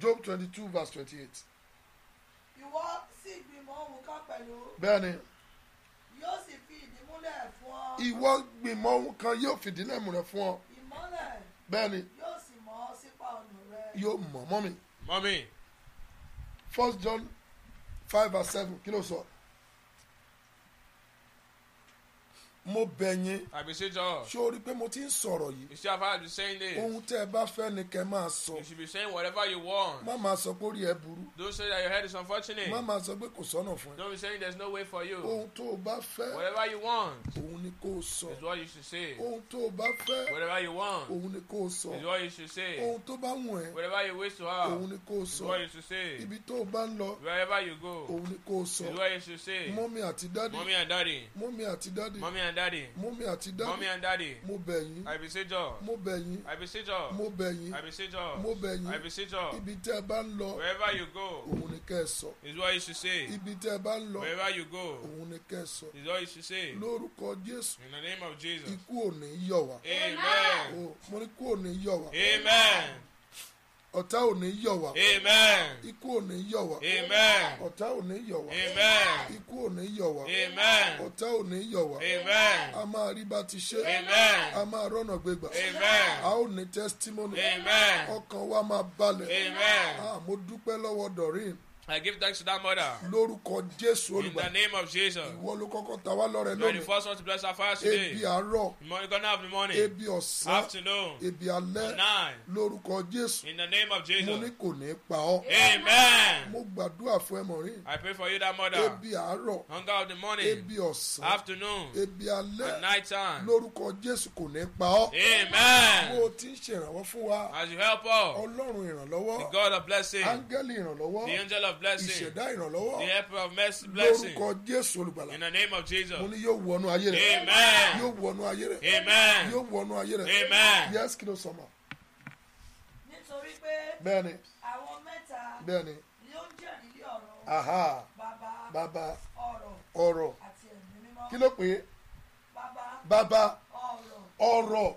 job twenty two verse twenty eight. ìwọ sì gbìmọ̀ ohun kan pẹ̀lú. bẹ́ẹ̀ ni. yóò sì fi ìdí múlẹ̀ fún ọ. ìwọ gbìmọ̀ ohun kan yóò fìdí lẹ́mùrẹ̀ fún ọ. ìmọ́lẹ̀. bẹ́ẹ̀ ni. yóò sì mọ́ sípa ọ̀nà rẹ. yóò mọ̀ mọ́ mi. mọ́ mi. first john five verse seven kí ló sọ. So? mo bẹ̀ yín. I ṣé o rí pé mo ti ń sọ̀rọ̀ yìí. be saying this. ohun tẹ́ ẹ bá fẹ́ ni kẹ́ máa sọ. you should be saying whatever you want. má máa sọ pé orí ẹ burú. don't say that your head is unfortunate. má máa sọ pé kò sọ́nà fún ẹ. don't be saying there no way for you. ohun tó o bá fẹ́. whatever you want. òun ni kò sọ. is what you should say. ohun tó o bá fẹ́. whatever you want. òun ni kò sọ. is what you should say. ohun tó bá wùn ẹ́. whatever you wish to òun ni kò sọ. is what you should say. ibi tó o bá ń lọ. wherever you go. òun ni kò sọ. is what you should say. mọ́mí àti dádì. mọ́mí àti dádì. mọ́mí àti dádì and daddy. mummy àti daddy. mummy and daddy. mo bẹ̀ yín. àbísíjọ. mo bẹ̀ yín. àbísíjọ. mo bẹ̀ yín. àbísíjọ. mo bẹ̀ yín. àbísíjọ. ibi tẹ́ bá ń lọ. wherever you go. òun ni kẹ́ ẹ sọ. is what you should say. ibi tẹ́ bá ń lọ. wherever you go. òun ni kẹ́ ẹ sọ. is what you should say. lórúkọ jésù. in the name of jesus. ikú ò ní yọ wá. amen. Oh, mo ní kú ò ní yọ wá. amen ọ̀tá ò ní yọ̀ wá. amen. ikú ò ní yọ̀ wá. amen. ọ̀tá ò ní yọ̀ wá. amen. ikú ò ní yọ̀ wá. amen. ọ̀tá ò ní yọ̀ wá. amen. a máa rí bá ti ṣe. amen. a máa rọ́nà gbégbà. amen. a ó ní testimony. amen. ọkàn wa máa balẹ̀. amen. a ah, mo dúpẹ́ lọ́wọ́ dọ̀rín. I give thanks to that mother. Lórúkọ Jésù olùgbà. In the name of Jesus. Ìwọ ló kọ́kọ́ ta wá lọ́rẹ̀ lónìí. You are the first one to bless our fast today. Ebi àárọ̀. Morning gonna have the morning. Ebi ọ̀sán. Afternoon. Ebi alẹ́. Nine. Lórúkọ Jésù. In the name of Jesus. Mo ní kò ní pa ọ́. Amen. Mo gbàdúrà fún ẹ mọ̀ rí. I pray for you that mother. Ebi àárọ̀. Hunger of the morning. Ebi ọ̀sán. Afternoon. Ebi alẹ́. And night time. Lórúkọ Jésù kò ní pa ọ́. Amen. Mo ti ń ṣèrànwọ́ fún wa. As you help us. Ọlọ́run ìrànlọ́wọ́. The God of blessing. Áńgẹ́lì ìrànlọ́wọ́. The angel of of blessing. ìṣẹ̀dá ìrànlọ́wọ́. the helper of mercy blessing. lórúkọ jésù olùgbàlà. in the name of jesus. mo ní yóò wọnú ayé rẹ. amen. yóò wọnú ayé rẹ. amen. yóò wọnú ayé rẹ. amen. yes kí ló sọ ma. nítorí pé. bẹ́ẹ̀ni. àwọn mẹ́ta. bẹ́ẹ̀ni. ni ó ń jẹ̀rìí lé ọ̀rọ̀. bàbá. bàbá. ọ̀rọ̀. ọ̀rọ̀. àti ẹ̀mí mímọ́. kí ló pé. bàbá. bàbá. ọ̀rọ̀. ọ̀rọ̀.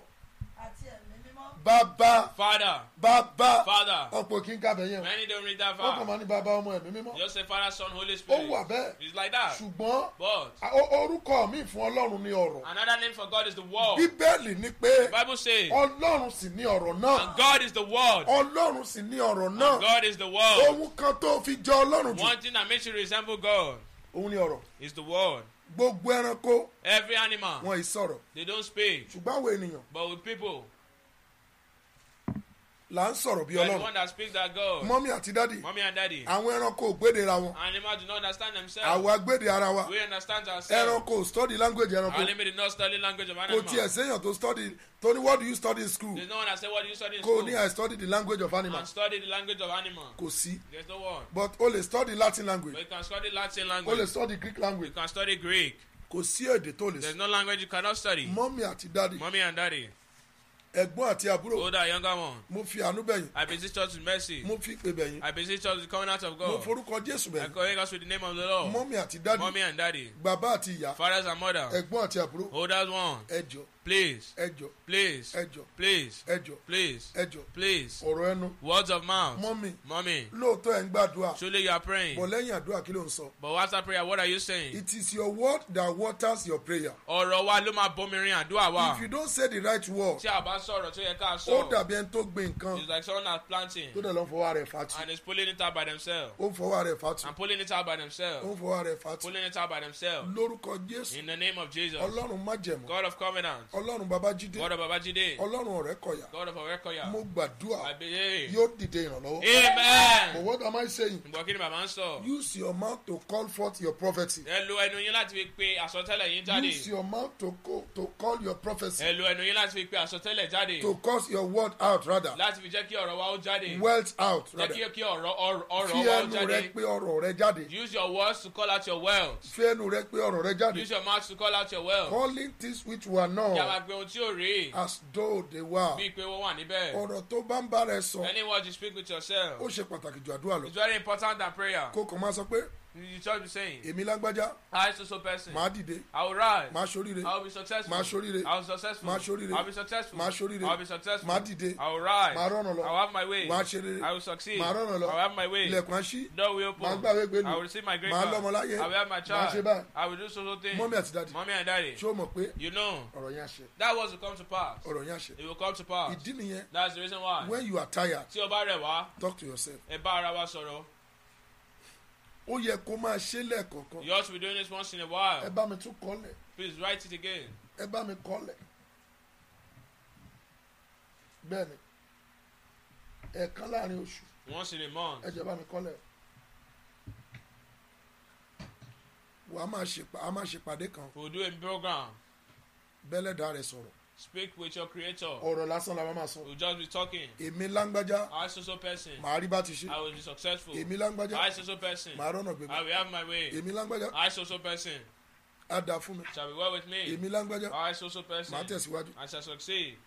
Baba. Father. Baba. Father. Ọ̀pọ̀ kí n ká bẹ̀yẹn. Many don't read that far. Ó kàn máa ní ọmọ ẹ̀mí mímọ́. Just say father son holy spirit. Ó wà bẹ́ẹ̀. It's like that. Ṣùgbọ́n. But. Orúkọ mi fún Ọlọ́run ni ọ̀rọ̀. Another name for God is the word. Bíbélì ni pé. Bible says. Ọlọ́run sì ni ọ̀rọ̀ náà. And God is the word. Ọlọ́run sì ni ọ̀rọ̀ náà. And God is the word. Ohun kan tó fi jọ Ọlọ́run jù. One thing that makes you resemble God. Òun ni ọ̀rọ̀. Is the word. Gbogbo ẹranko. Every animal. Wọ́n ì sọ̀rọ̀. They don't speak. Ṣùgbọ́n àwọn ènìyàn. But with people là ń sọ̀rọ̀ bí ọlọ́run. mọ́mí àti dádì. àwọn ẹranko ògbéde ra wọn. àwa gbéde ara wa. ẹranko study language ẹranko. kò tiẹ̀ séèyàn tó study tó ní what do you study in school. kò ní I study the language of animal. kò sí. but o lè study Latin language. o lè study Greek language. kò sí èdè tó lè. there mọ́mí àti dádì ẹ̀gbọ́n àti àbúrò. older younger one. mo fi àánú bẹ̀yìn. I beseech church with mercy. mo fi ìpè bẹ̀yìn. I beseech church with out of God. mo forúkọ Jésù bẹ̀yìn. I call us with the name of the Lord. mọ́mí àti dádì. mọ́mí and dádì. bàbá àti ìyá. fathers and mother. ẹ̀gbọ́n àti àbúrò. older one. ẹjọ́ please. ẹjọ. please. ẹjọ. please. ẹjọ. please. ẹjọ. please. ọ̀rọ̀ ẹnu. words of mouth. mọ́mì. mọ́mì. lóòótọ́ ẹ̀ ń gbàdúrà. surely you are praying. bọ̀ lẹ́yìn àdúrà kí ló ń sọ. but after prayer what are you saying. it is your word that waters your prayer. ọ̀rọ̀ wa ló máa bọ́mi àdúrà wa. if you don't say the right word. tí a bá sọ̀rọ̀ tó yẹ ká sọ. ó dàbí ẹni tó gbin nǹkan. it's like someone that's planting. tó dẹ̀ lọ fọwọ́ rẹ̀ fatu. and he's pulling it out by themselves. ó ń fọwọ́ rẹ̀ fatu. and pulling it out by themselves. ó ń fọwọ́ rẹ̀ fatu. pulling it out by themselves. lórúkọ Jésù. in the name of Jesus. ọlọ́run májẹ̀mú. God of covenant ọlọ́run babájídé God of babájídé ọlọ́run ọ̀rẹ́kọ̀yà God of ọ̀rẹ́kọ̀yà mo gbàdúrà yóò dìde ìrànlọ́wọ́ amen but what am I saying ǹbọ̀ kí ni bàbá ń sọ use your mouth to call forth your prophecy ẹ lo ẹnu yín láti fi pe àsọtẹ́lẹ̀ yín jáde use your mouth to, call, to call your prophecy ẹ lo ẹnu yín láti fi pe àsọtẹ́lẹ̀ jáde to cause your word out rather láti fi jẹ́ kí ọ̀rọ̀ wa ó jáde wealth out rather jẹ́ kí ọ̀rọ̀ ọ̀rọ̀ wa ó jáde fi ẹnu rẹ pé ọ̀rọ̀ rẹ jáde use your words to call out your wealth use your mouth to call out your wealth calling things which were not. Yeah máa gbé ohun tí ò rí. as though they were. bíi pé wọ́n wà níbẹ̀. ọ̀rọ̀ tó bá ń bára ẹ sọ. any word you speak with yourself. ó ṣe pàtàkì ju àdúrà lọ. it's very important than prayer. kó kàn máa sọ pé you just be saying. èmi lágbájá. i so so person. màá dìde. i will rise. màá soríire. i will be successful. màá soríire. i will be successful. màá soríire. i will be successful. màá soríire. i will be successful. màá dìde. i will rise. màá rọ̀nà lọ. i will have my way. màá ṣe rere. i will succeed. màá rọ̀nà lọ. i will have my way. ilẹ̀kùn àṣí. door will open. màá gbàwé gbèlú. i will receive my great man. màá lọ́mọ láyé. i will have my child. màá ṣe báyìí. i will do so so thing. mọ́mí àti dáàdì. mọ́mí àti dáàdì. ṣé o mọ̀ pé. you know. ọ̀rọ̀ yẹn àṣẹ. that was to come to pass. ọ̀rọ̀ yẹn àṣẹ. it will come to pass. ìdí nìyẹn. that's the reason why. when you are tired. tí o bá rẹ̀ wá. talk to yourself. ẹ bá ara wa sọ̀rọ̀ ó yẹ kó máa ṣe lẹ́ẹ̀kọ̀ọ̀kan. you ought to be doing this once in a while. ẹ bá mi tún kọ́lẹ̀. please write it again. ẹ bá mi kọ́lẹ̀. bẹ́ẹ̀ni ẹ̀ẹ̀kan láàrin oṣù. once in a month. ẹ jẹ́ bá mi kọ́lẹ̀. wà á máa ṣèpàdé kan. we will do a program. bẹ́lẹ̀ dá rẹ̀ sọ̀rọ̀ speak with your creator. ọ̀rọ̀ lásán la máa sọ. we just be talking. èmi lángbájá. i so so person. màá rí bá ti ṣe. i will be successful. èmi lángbájà. i so so person. màá rọ̀nà gbé i will have my way. èmi lángbájá. i so so person. a dà fún mi. shall be well with me. èmi lángbájá. i so so person. màá tẹ̀síwájú. i shall succeed.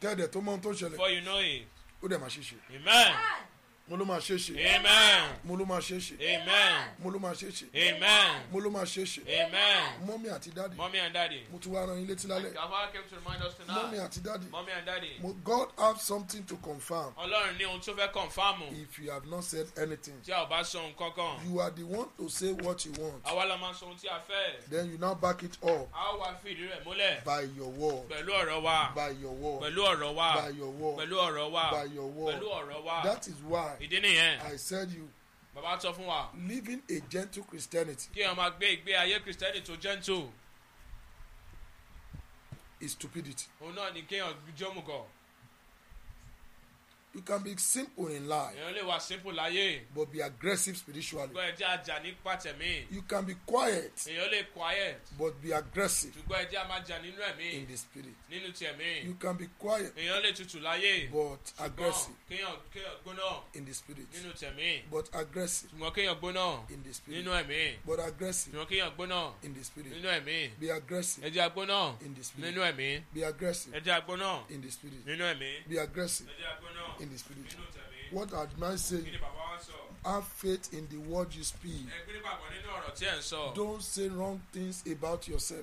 tẹ́ẹ̀dẹ̀ tó mọ ohun tó ṣẹlẹ̀. before you know it. ó dẹ̀ máa ṣe ṣe. amen. Ah mo ló máa ṣe ṣe. amen. mo ló máa ṣe ṣe. amen. mo ló máa ṣe ṣe. amen. mo ló máa ṣe ṣe. amen. mọ́mí àti dáàdì. mọ́mí àti dáàdì. mo ti wá ran yín létí lálẹ́. came to remind us tonight. mọ́mí àti dáàdì. mọ́mí àti dáàdì. mo God have something to confirm. ọlọ́run ní ohun tó fẹ́ confirm if you have not said anything. tí a ò bá sọ nǹkan kan. you are the one to say what you want. àwa la máa sọ ohun tí a fẹ́. then you now back it up. a ó wá fi ìdí rẹ̀ múlẹ̀. by your word. pẹ̀lú ọ̀rọ̀ wa. by your word. pẹ̀lú ọ̀rọ̀ wa. by your word. pẹ̀lú ọ̀rọ̀ wa. by your word. pẹ̀lú ọ̀rọ̀ wa. that is why ìdí nìyẹn. i said you. bàbá sọ fún wa. living a gentle christianity. kí ẹ máa gbé ìgbé ayé christianity tó gentle. is stupidity. òun náà ni kéèyàn jọ́mùgọ̀ you can be simple in life. èèyàn lè wà simple láyé. but be aggressive spiritually. ṣùgbọ́n ẹ jẹ́ àjà nípa tẹ̀mí. you can be quiet. èèyàn lè quiet. but be aggressive. ṣùgbọ́n ẹ jẹ́ àmàjà nínú ẹ̀mí. in the spirit. nínú tẹ̀mí. you can be quiet. èèyàn lè tutù láyé. but aggressive. ṣùgbọ́n kéèyàn kéèyàn gbóná. in the spirit. nínú tẹ̀mí. but aggressive. ṣùgbọ́n kéèyàn gbóná. in the spirit. nínú ẹ̀mí. but aggressive. ṣùgbọ́n kéèyàn gbóná. in the spirit. nínú ẹ̀mí. be aggressive. ẹ jẹ́ agbóná. in the spirit. nínú ẹ̀mí. be aggressive. ẹ jẹ́ agbóná. in the spirit. nínú ẹ̀mí. be aggressive. ẹ jẹ́ agbóná in the spirit. What am I saying? Have faith in the word you speak. Don't say wrong things about yourself.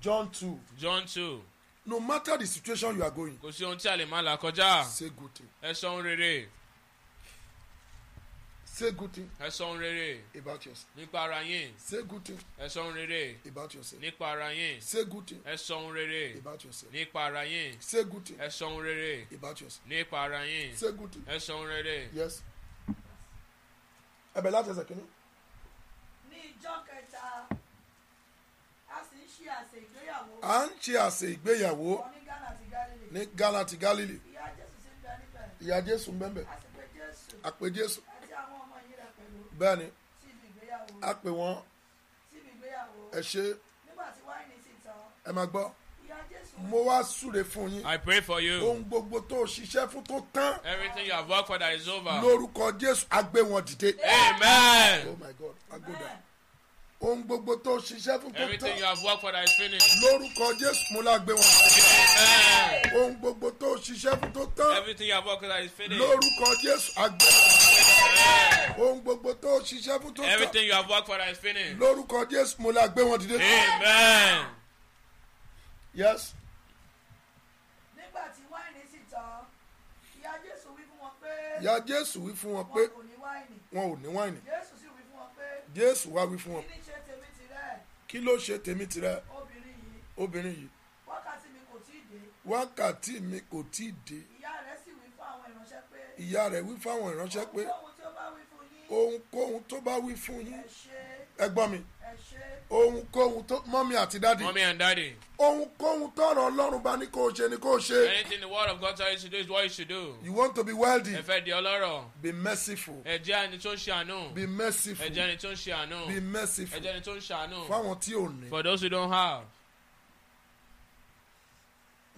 John two. John two. No matter the situation you are going. Kò sí ohun tí a lè máa là kọjá. Say good thing. Ẹ sọ ohun rere say good thing. ẹ sọ ohun rere. about yourself. nípa ara yín. say good thing. ẹ sọ ohun rere. about yourself. nípa ara yín. say good thing. ẹ sọ ohun rere. about yourself. nípa ara yín. say good thing. ẹ sọ ohun rere. about yourself. nípa ara yín. say good thing. ẹ sọ ohun rere. yes. ẹbẹ láti ẹsẹ kínní. ní ìjọ kẹta a sì ń ṣe àṣẹ ìgbéyàwó. a ń ṣe àṣẹ ìgbéyàwó. ní ghana ti galilei. ìyá jésù ń bẹ́ẹ̀ bẹ́ẹ̀. àpè jésù bẹ́ẹ̀ ni a pè wọ́n ẹ ṣe ẹ máa gbọ́ mo wá súre fún yín. I pray for you. ohun gbogbo tó o ṣiṣẹ́ fún tó tán. everything you have worked for that is over. lórúkọ Jésù agbé wọn dìde. amen. oh my God agbóda ohun gbogbo tó ṣiṣẹ́ fún tó tán. everything you have worked for is finished. lórúkọ jésù mo la gbé wọn. ohun gbogbo tó ṣiṣẹ́ fún tó tán. everything you have worked for is finished. lórúkọ jésù àgbẹ̀. ohun gbogbo tó ṣiṣẹ́ fún tó tán. everything you have worked for is finished. lórúkọ jésù mo la gbé wọn dìde. amen. yes. nígbà tí wáìnì sì tán ìyá jésù wí fún wọn pé. ìyá jésù wí fún wọn pé wọn ò ní wáìnì. jésù sì wí fún wọn pé. jésù wá wí fún wọn kí ló ṣe tèmi tirẹ obìnrin yìí wákàtí mi kò tí ì dé wákàtí mi kò tí ì dé ìyá rẹ̀ sì wí fún àwọn ìránṣẹ́ pé ìyá rẹ̀ wí fún àwọn ìránṣẹ́ pé ohunkóhun tó bá wí fún yín ẹ gbọ́ mi ohunkóhun tó mọ́mí àti dáàdì. mọ́mí and dáàdì. ohunkóhun tọrọ ọlọ́run bá ní kó o ṣe ni kó o ṣe. anything the word of God tell you to do is what you should do. you want to be wealthy. ẹ fẹ́ di ọlọ́rọ̀. be merciful. ẹ ẹni tó ń ṣe àánú. be merciful. ẹ ẹni tó ń ṣe àánú. be merciful. ẹ ẹni tó ń ṣe àánú. fún tí ò ní. for those who don't have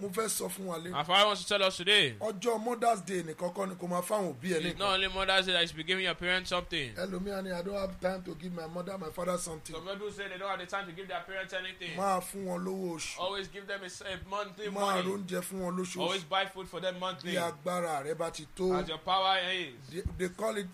mo fẹ́ sọ fún wa lẹ́nu. àfàwọn wọn sọ lọ sóde. ọjọ́ mother's day nìkan kọ́ ni kò máa fáwọn òbí ẹ nìkan. it's not only mother's day that you should be giving your parents something. ẹlòmíràn ni i don't have time to give my mother my father something. some people say they don't have the time to give their parents anything. máa fún wọn lówó oṣù. always give them a, a monthly money. máa ronjẹ fún wọn lóṣooṣù. always buy food for them monthly. bí agbára rẹ bá ti tó. as your power is. they, they call it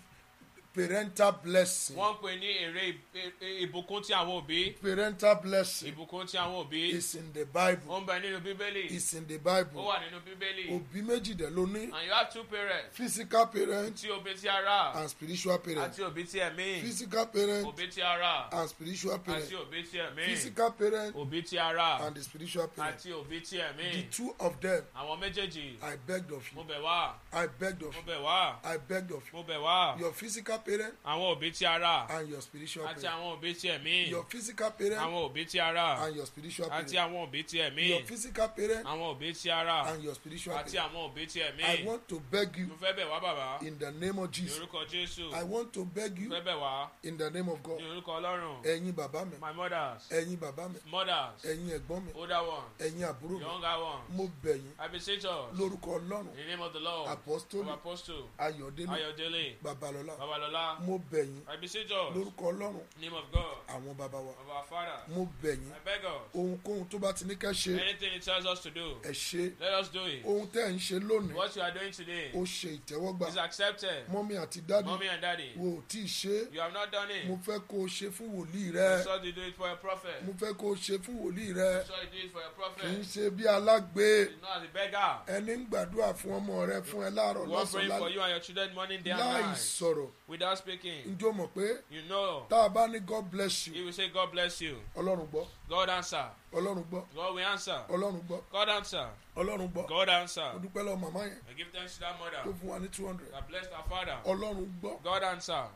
parental blessing. wọ́n pè ní èrè e, e, ìbùkún tí àwọn òbí. parental blessing. ìbùkún tí àwọn òbí. is in the bible. ó ń bẹ nínú bíbélì. is in the bible. ó wà nínú bíbélì. òbí méjìdínlóní. and you have two parents. physical parents. ti òbí ti ara. and spiritual parents. àti òbí ti ẹ̀mí. physical parents. Obi ti ara. and spiritual parents. àti òbí ti ẹ̀mí. physical parents. Obi ti ara. and the spiritual parents. àti òbí ti ẹ̀mí. the two of them. àwọn méjèèjì. i begged of you. mo bẹ̀ wá. i begged of you. mo bẹ̀ wá. i begged of you. mo bẹ̀ wá. your physical parents. àwọn òbí ti ara. and your spiritual parents. àti àwọn òbí ti ẹ̀mí. your physical parents. àwọn òbí ti ara. and your spiritual parents. àti àwọn òbí ti ẹ̀mí. your physical parents. àwọn òbí ti ara. and your spiritual parents. àti àwọn òbí ti ẹ̀mí. I want to beg you. mo fẹ́ bẹ̀ wá bàbá. in the name of Jesus. ní orúkọ I want to beg you. mo fẹ́ bẹ̀ wá. in the name of God. ní Ọlọ́run. ẹ̀yin bàbá mi. my mothers. ẹ̀yin bàbá mi. mothers. ẹ̀yin ẹ̀gbọ́n mi. older ones. ẹ̀yin àbúrò mi. younger ones. mo bẹ̀ yín. I beseech us. lórúkọ Ọlọ́run. in the name of the Lord. apostoli. of apostoli. Ayọ̀délé. Ayọ̀délé. Babalọlá mo bẹ̀ I beseech us. lórúkọ ọlọ́run. name of God. àwọn bàbá wa. mo bẹ̀ I beg us. ohunkóhun tó bá ti ní ká ṣe. anything it tells us to do. ẹ ṣe. let us do it. ohun tẹ́ ń ṣe lónìí. what you are doing today. ó ṣe ìtẹ́wọ́gbà. accepted. mọ́mí àti dádì. and dádì. wo ò tí ì ṣe. you have not done it. mo fẹ́ kó o ṣe fún wòlíì rẹ. you saw you do it for a prophet. mo fẹ́ kó o ṣe fún wòlíì rẹ. you saw you do it for a prophet. kì í ṣe bí alágbe. a beggar. ẹni ń gbàdúrà fún ọmọ rẹ fún ẹ láàárọ̀ lọ́sàn praying for you and your children morning day and night. láì sọ̀rọ̀ without speaking. Ǹjẹ́ o mọ̀ pé? You know. Tá a bá ní God bless you. He will say God bless you. Ọlọ́run gbọ́. God answer. Ọlọ́run gbọ́. God will answer. Ọlọ́run gbọ́. God answer. Ọlọ́run gbọ́. God answer. Mo dúpẹ́ lọ́wọ́ màmá yẹn. I give thanks to that mother. Tó fún wa ní two hundred. I bless her father. Ọlọ́run gbọ́. God answer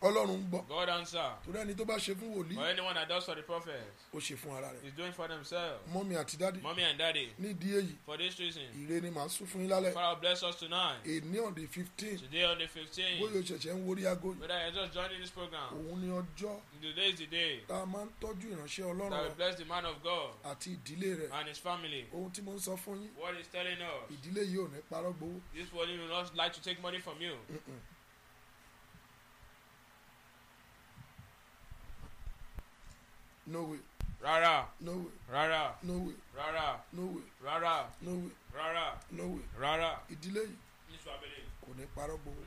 ọlọ́run ń gbọ́. God answer. torí ẹni tó bá ṣe fún wòlíì. for anyone that does for the prophet. ó ṣe fún ara rẹ̀. he is doing for himself. mọ́mí àti dádì. mọ́mí and dádì. nídìí èyí. for this reason. ire ni màá sún fún yín lálẹ́. Father bless us tonight. èní on the fifteen. today on the fifteen. bóyá o ṣẹ̀ṣẹ̀ ń worí aago yìí. brother I just joining this program. òun ni ọjọ́. today is the day. tá a máa ń tọ́jú ìránṣẹ́ ọlọ́run. that we bless the man of God. àti ìdílé rẹ̀. and his family. ohun tí mo ń sọ fún yín. what is telling us. ìdílé this world will not like to take money from you. no way rara. no way rara. no way rara. no way rara. no way rara. no way rara. ìdílé yìí. níṣu abẹ́rẹ́ yìí kò ní parọ́ gbowó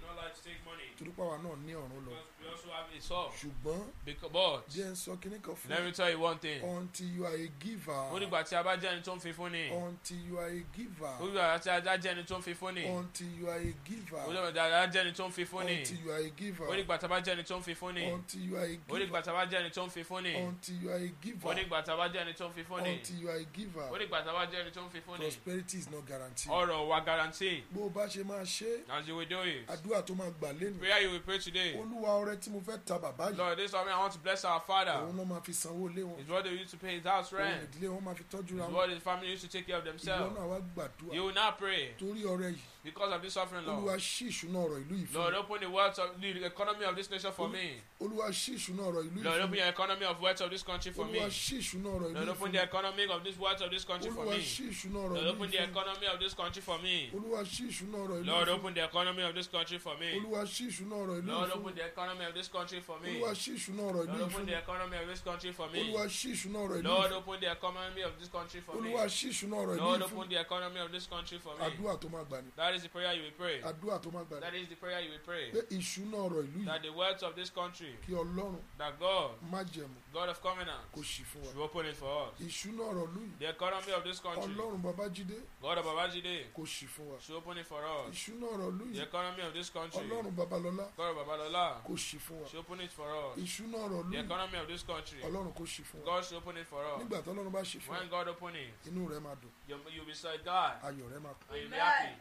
torí pàwọn náà ní ọ̀run lọ ṣùgbọ́n díẹ̀ ń sọ kíní kan fún mi until you are a giver ó dìgbà tí a bá jẹ́ ẹni tó ń fi fún ni until you are a giver ó dìgbà tí a jẹ́ ẹni tó ń fi fún ni until you are a giver ó dìgbà tí a jẹ́ ẹni tó ń fi fún ni until you are a giver ó dìgbà tí a bá jẹ́ ẹni tó ń fi fún ni until you are a giver ó dìgbà tí a bá jẹ́ ẹni tó ń fi fún ni until you are a giver ó dìgbà tí a bá jẹ́ ẹni tó ń fi fún ni until you are a giver ó dìgbà tí a bá jẹ́ ẹni tó ń fi fún ni prosperity is not guaranteed ọrọ̀ wa guarantee bó o bá ṣe máa ṣe as you will do àdúrà tó máa gbà lẹ́nu. prayer you will pray today. olúwa ọrẹ tí mo fẹ́ ta bàbá yìí. lord this morning i want to bless our father. òun náà máa fi sanwó lé wọn. it's what they used to pay his house rent. òun ìdílé wọn máa fi tọ́jú ra wọn. it's what his family used to take care of themselves. ìwọ náà wá gbàdúrà. you will now pray. torí ọrẹ yìí because of this suffering lord. olúwa ṣí ìṣúná ọ̀rọ̀ ìlú yìí lord open the wealth of the economy of this nation for me. olúwa ṣí ìṣúná ọ̀rọ̀ ìlú yìí lord open the economy of wealth of this country for me. olúwa ṣí ìṣúná ọ̀rọ̀ ìlú yìí lord open the economy of this wealth of this country for me. olúwa ṣí ìṣúná ọ̀rọ̀ ìlú yìí lord open the economy of this country for me. olúwa ṣí ìṣúná ọ̀rọ̀ ìlú yìí lord open the economy of this country for me. olúwa ṣí ìṣúná ọ̀rọ̀ ìlú yìí lord open the economy of this country for me. olúwa ṣí ìṣúná ọ̀rọ̀ ìlú yìí lord open the economy of this country for me. olúwa ṣí ìṣúná ọ̀rọ̀ ìlú yìí lord open the economy of this country for me. olúwa ṣí ìṣúná ọ̀rọ̀ ìlú yìí lord open the economy of this country for me. àdúrà tó máa gbà That is the prayer you will pray. Àdúrà tó máa That is the prayer you will pray. Pé ìṣúná ọ̀rọ̀ ìlú yìí. That the wealth of this country. Kí Ọlọ́run. That God. Májẹ̀mú. God of covenant. Kò sì fún wa. Should open it for us. Ìṣúná ọ̀rọ̀ ìlú yìí. The economy of this country. Ọlọ́run Babájídé. God of Babájídé. Kò sì fún wa. Should open it for us. Ìṣúná ọ̀rọ̀ ìlú yìí. The economy of this country. Ọlọ́run Babalọ́lá. God of Babalọ́lá. Kò sì fún wa. Should open it for us. Ìṣúná ọ̀rọ̀ ìlú yìí. The economy of this country. Ọlọ́run kò sì fún wa. God should open it for us. Nígbà tí Ọlọ́run bá ṣe fún wa. When God open it. Inú rẹ̀ máa dùn. You, you be so glad. Ayọ̀ rẹ̀ máa kú. And you happy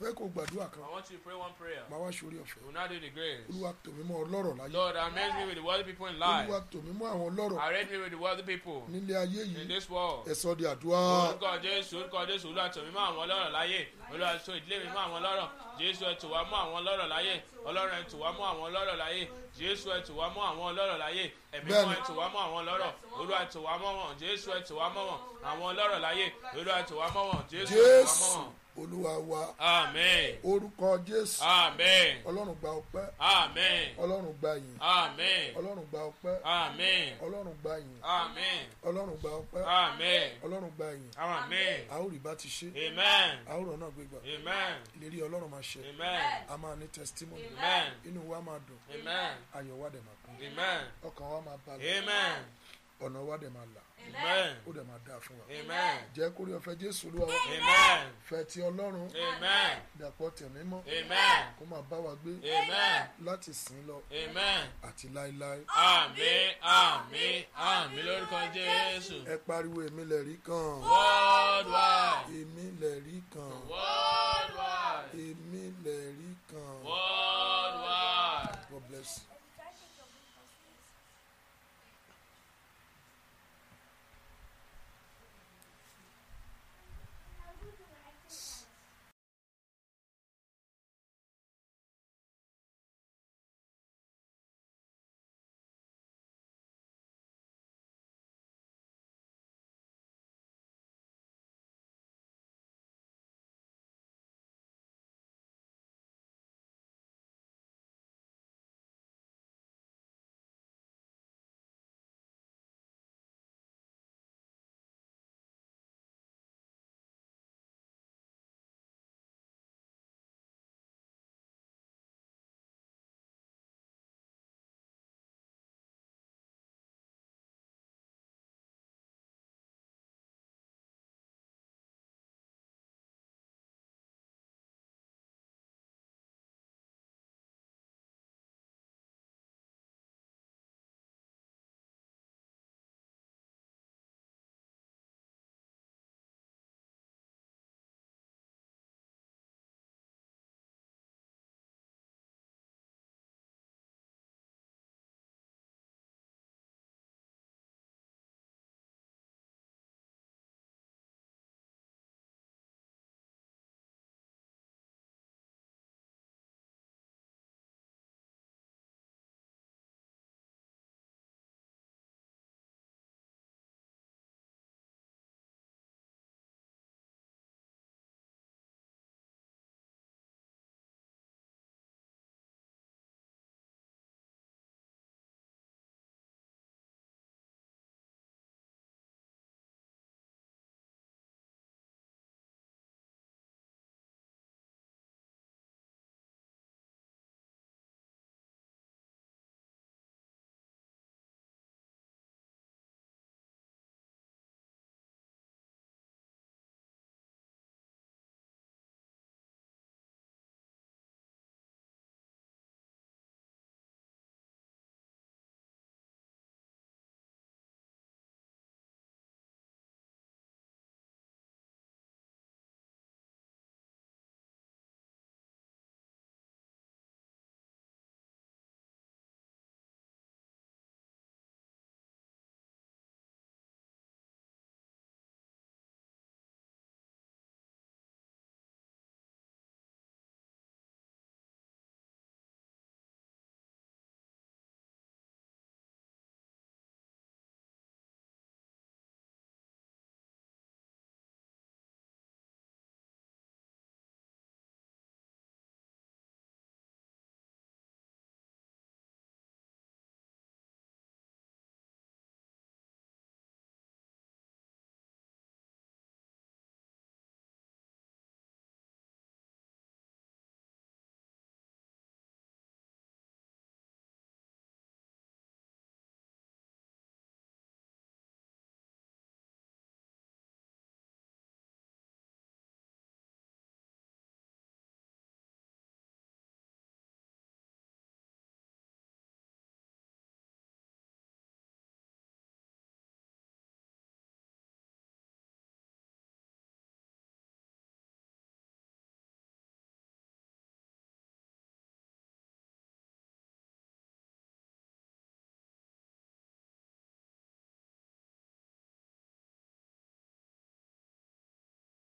fẹ́ kó gbàdúrà kan. I want you to pray one prayer. Màá wá sórí ọ̀fẹ́. We not do the grace. Olúwa tò mí mọ́ ọlọ́rọ̀ láyé. Lord, amaze me with the wealthy people in life. Olúwa tò mí mọ́ àwọn ọlọ́rọ̀. Arrange me with the wealthy people. Nílé ayé yìí. In this world. Ẹ̀sọ́ di àdúrà. Orúkọ Jésù, orúkọ Jésù, Olúwa tò mí mọ́ àwọn ọlọ́rọ̀ láyé. Olúwa tò ìdílé mi mọ́ àwọn ọlọ́rọ̀. Jésù ẹ̀ tò wá mọ́ àwọn ọlọ́rọ̀ láyé. Ọlọ́run ẹ̀ tò wá mọ́ àwọn ọlọ́rọ̀ láyé. Jésù ẹ̀ tò wá mọ́ àwọn ọlọ́rọ̀ láyé. Ẹ̀mí mọ́ ẹ̀ tò wá mọ́ àwọn ọlọ́rọ̀. Olúwa tò wá mọ́ wọn. Jésù ẹ̀ tò wá mọ́ wọn. Àwọn ọlọ́rọ̀ láyé. Olúwa tò wá mọ́ wọn. Jésù ẹ̀ tò wá mọ́ wọn olúwa wa. amen. orúkọ jésù. amen. ọlọ́run gba ọpẹ́. amen. ọlọ́run gba yìn. amen. ọlọ́run gba ọpẹ́. amen. ọlọ́run gba yìn. amen. ọlọ́run gba ọpẹ́. amen. ọlọ́run gba yìn. amen. àwòrán bá ti ṣe. amen. àwòrán náà gbégbá. amen. ìlérí ọlọ́run máa ṣe. amen. a máa ní testimony. amen. inú wa máa dùn. amen. ayọ̀ wa dẹ̀ máa kún. amen. ọkàn wa máa balẹ̀. amen. ọ̀nà wa dẹ̀ máa là. Amen. Amen. máa dáa fún wa jẹ́ kórè ọ̀fẹ́ jésù olúwa Amen. fẹ́ ti ọlọ́run dàpọ̀ tẹ̀mí mọ́ kó máa bá wa gbé láti sìn lọ àti láéláé. àmín àmín àmín lórúkọ jésù. ẹ pariwo èmi lè rí kan. worldwide. èmi lè rí kan. worldwide. èmi lè rí kan. worldwide. God bless you.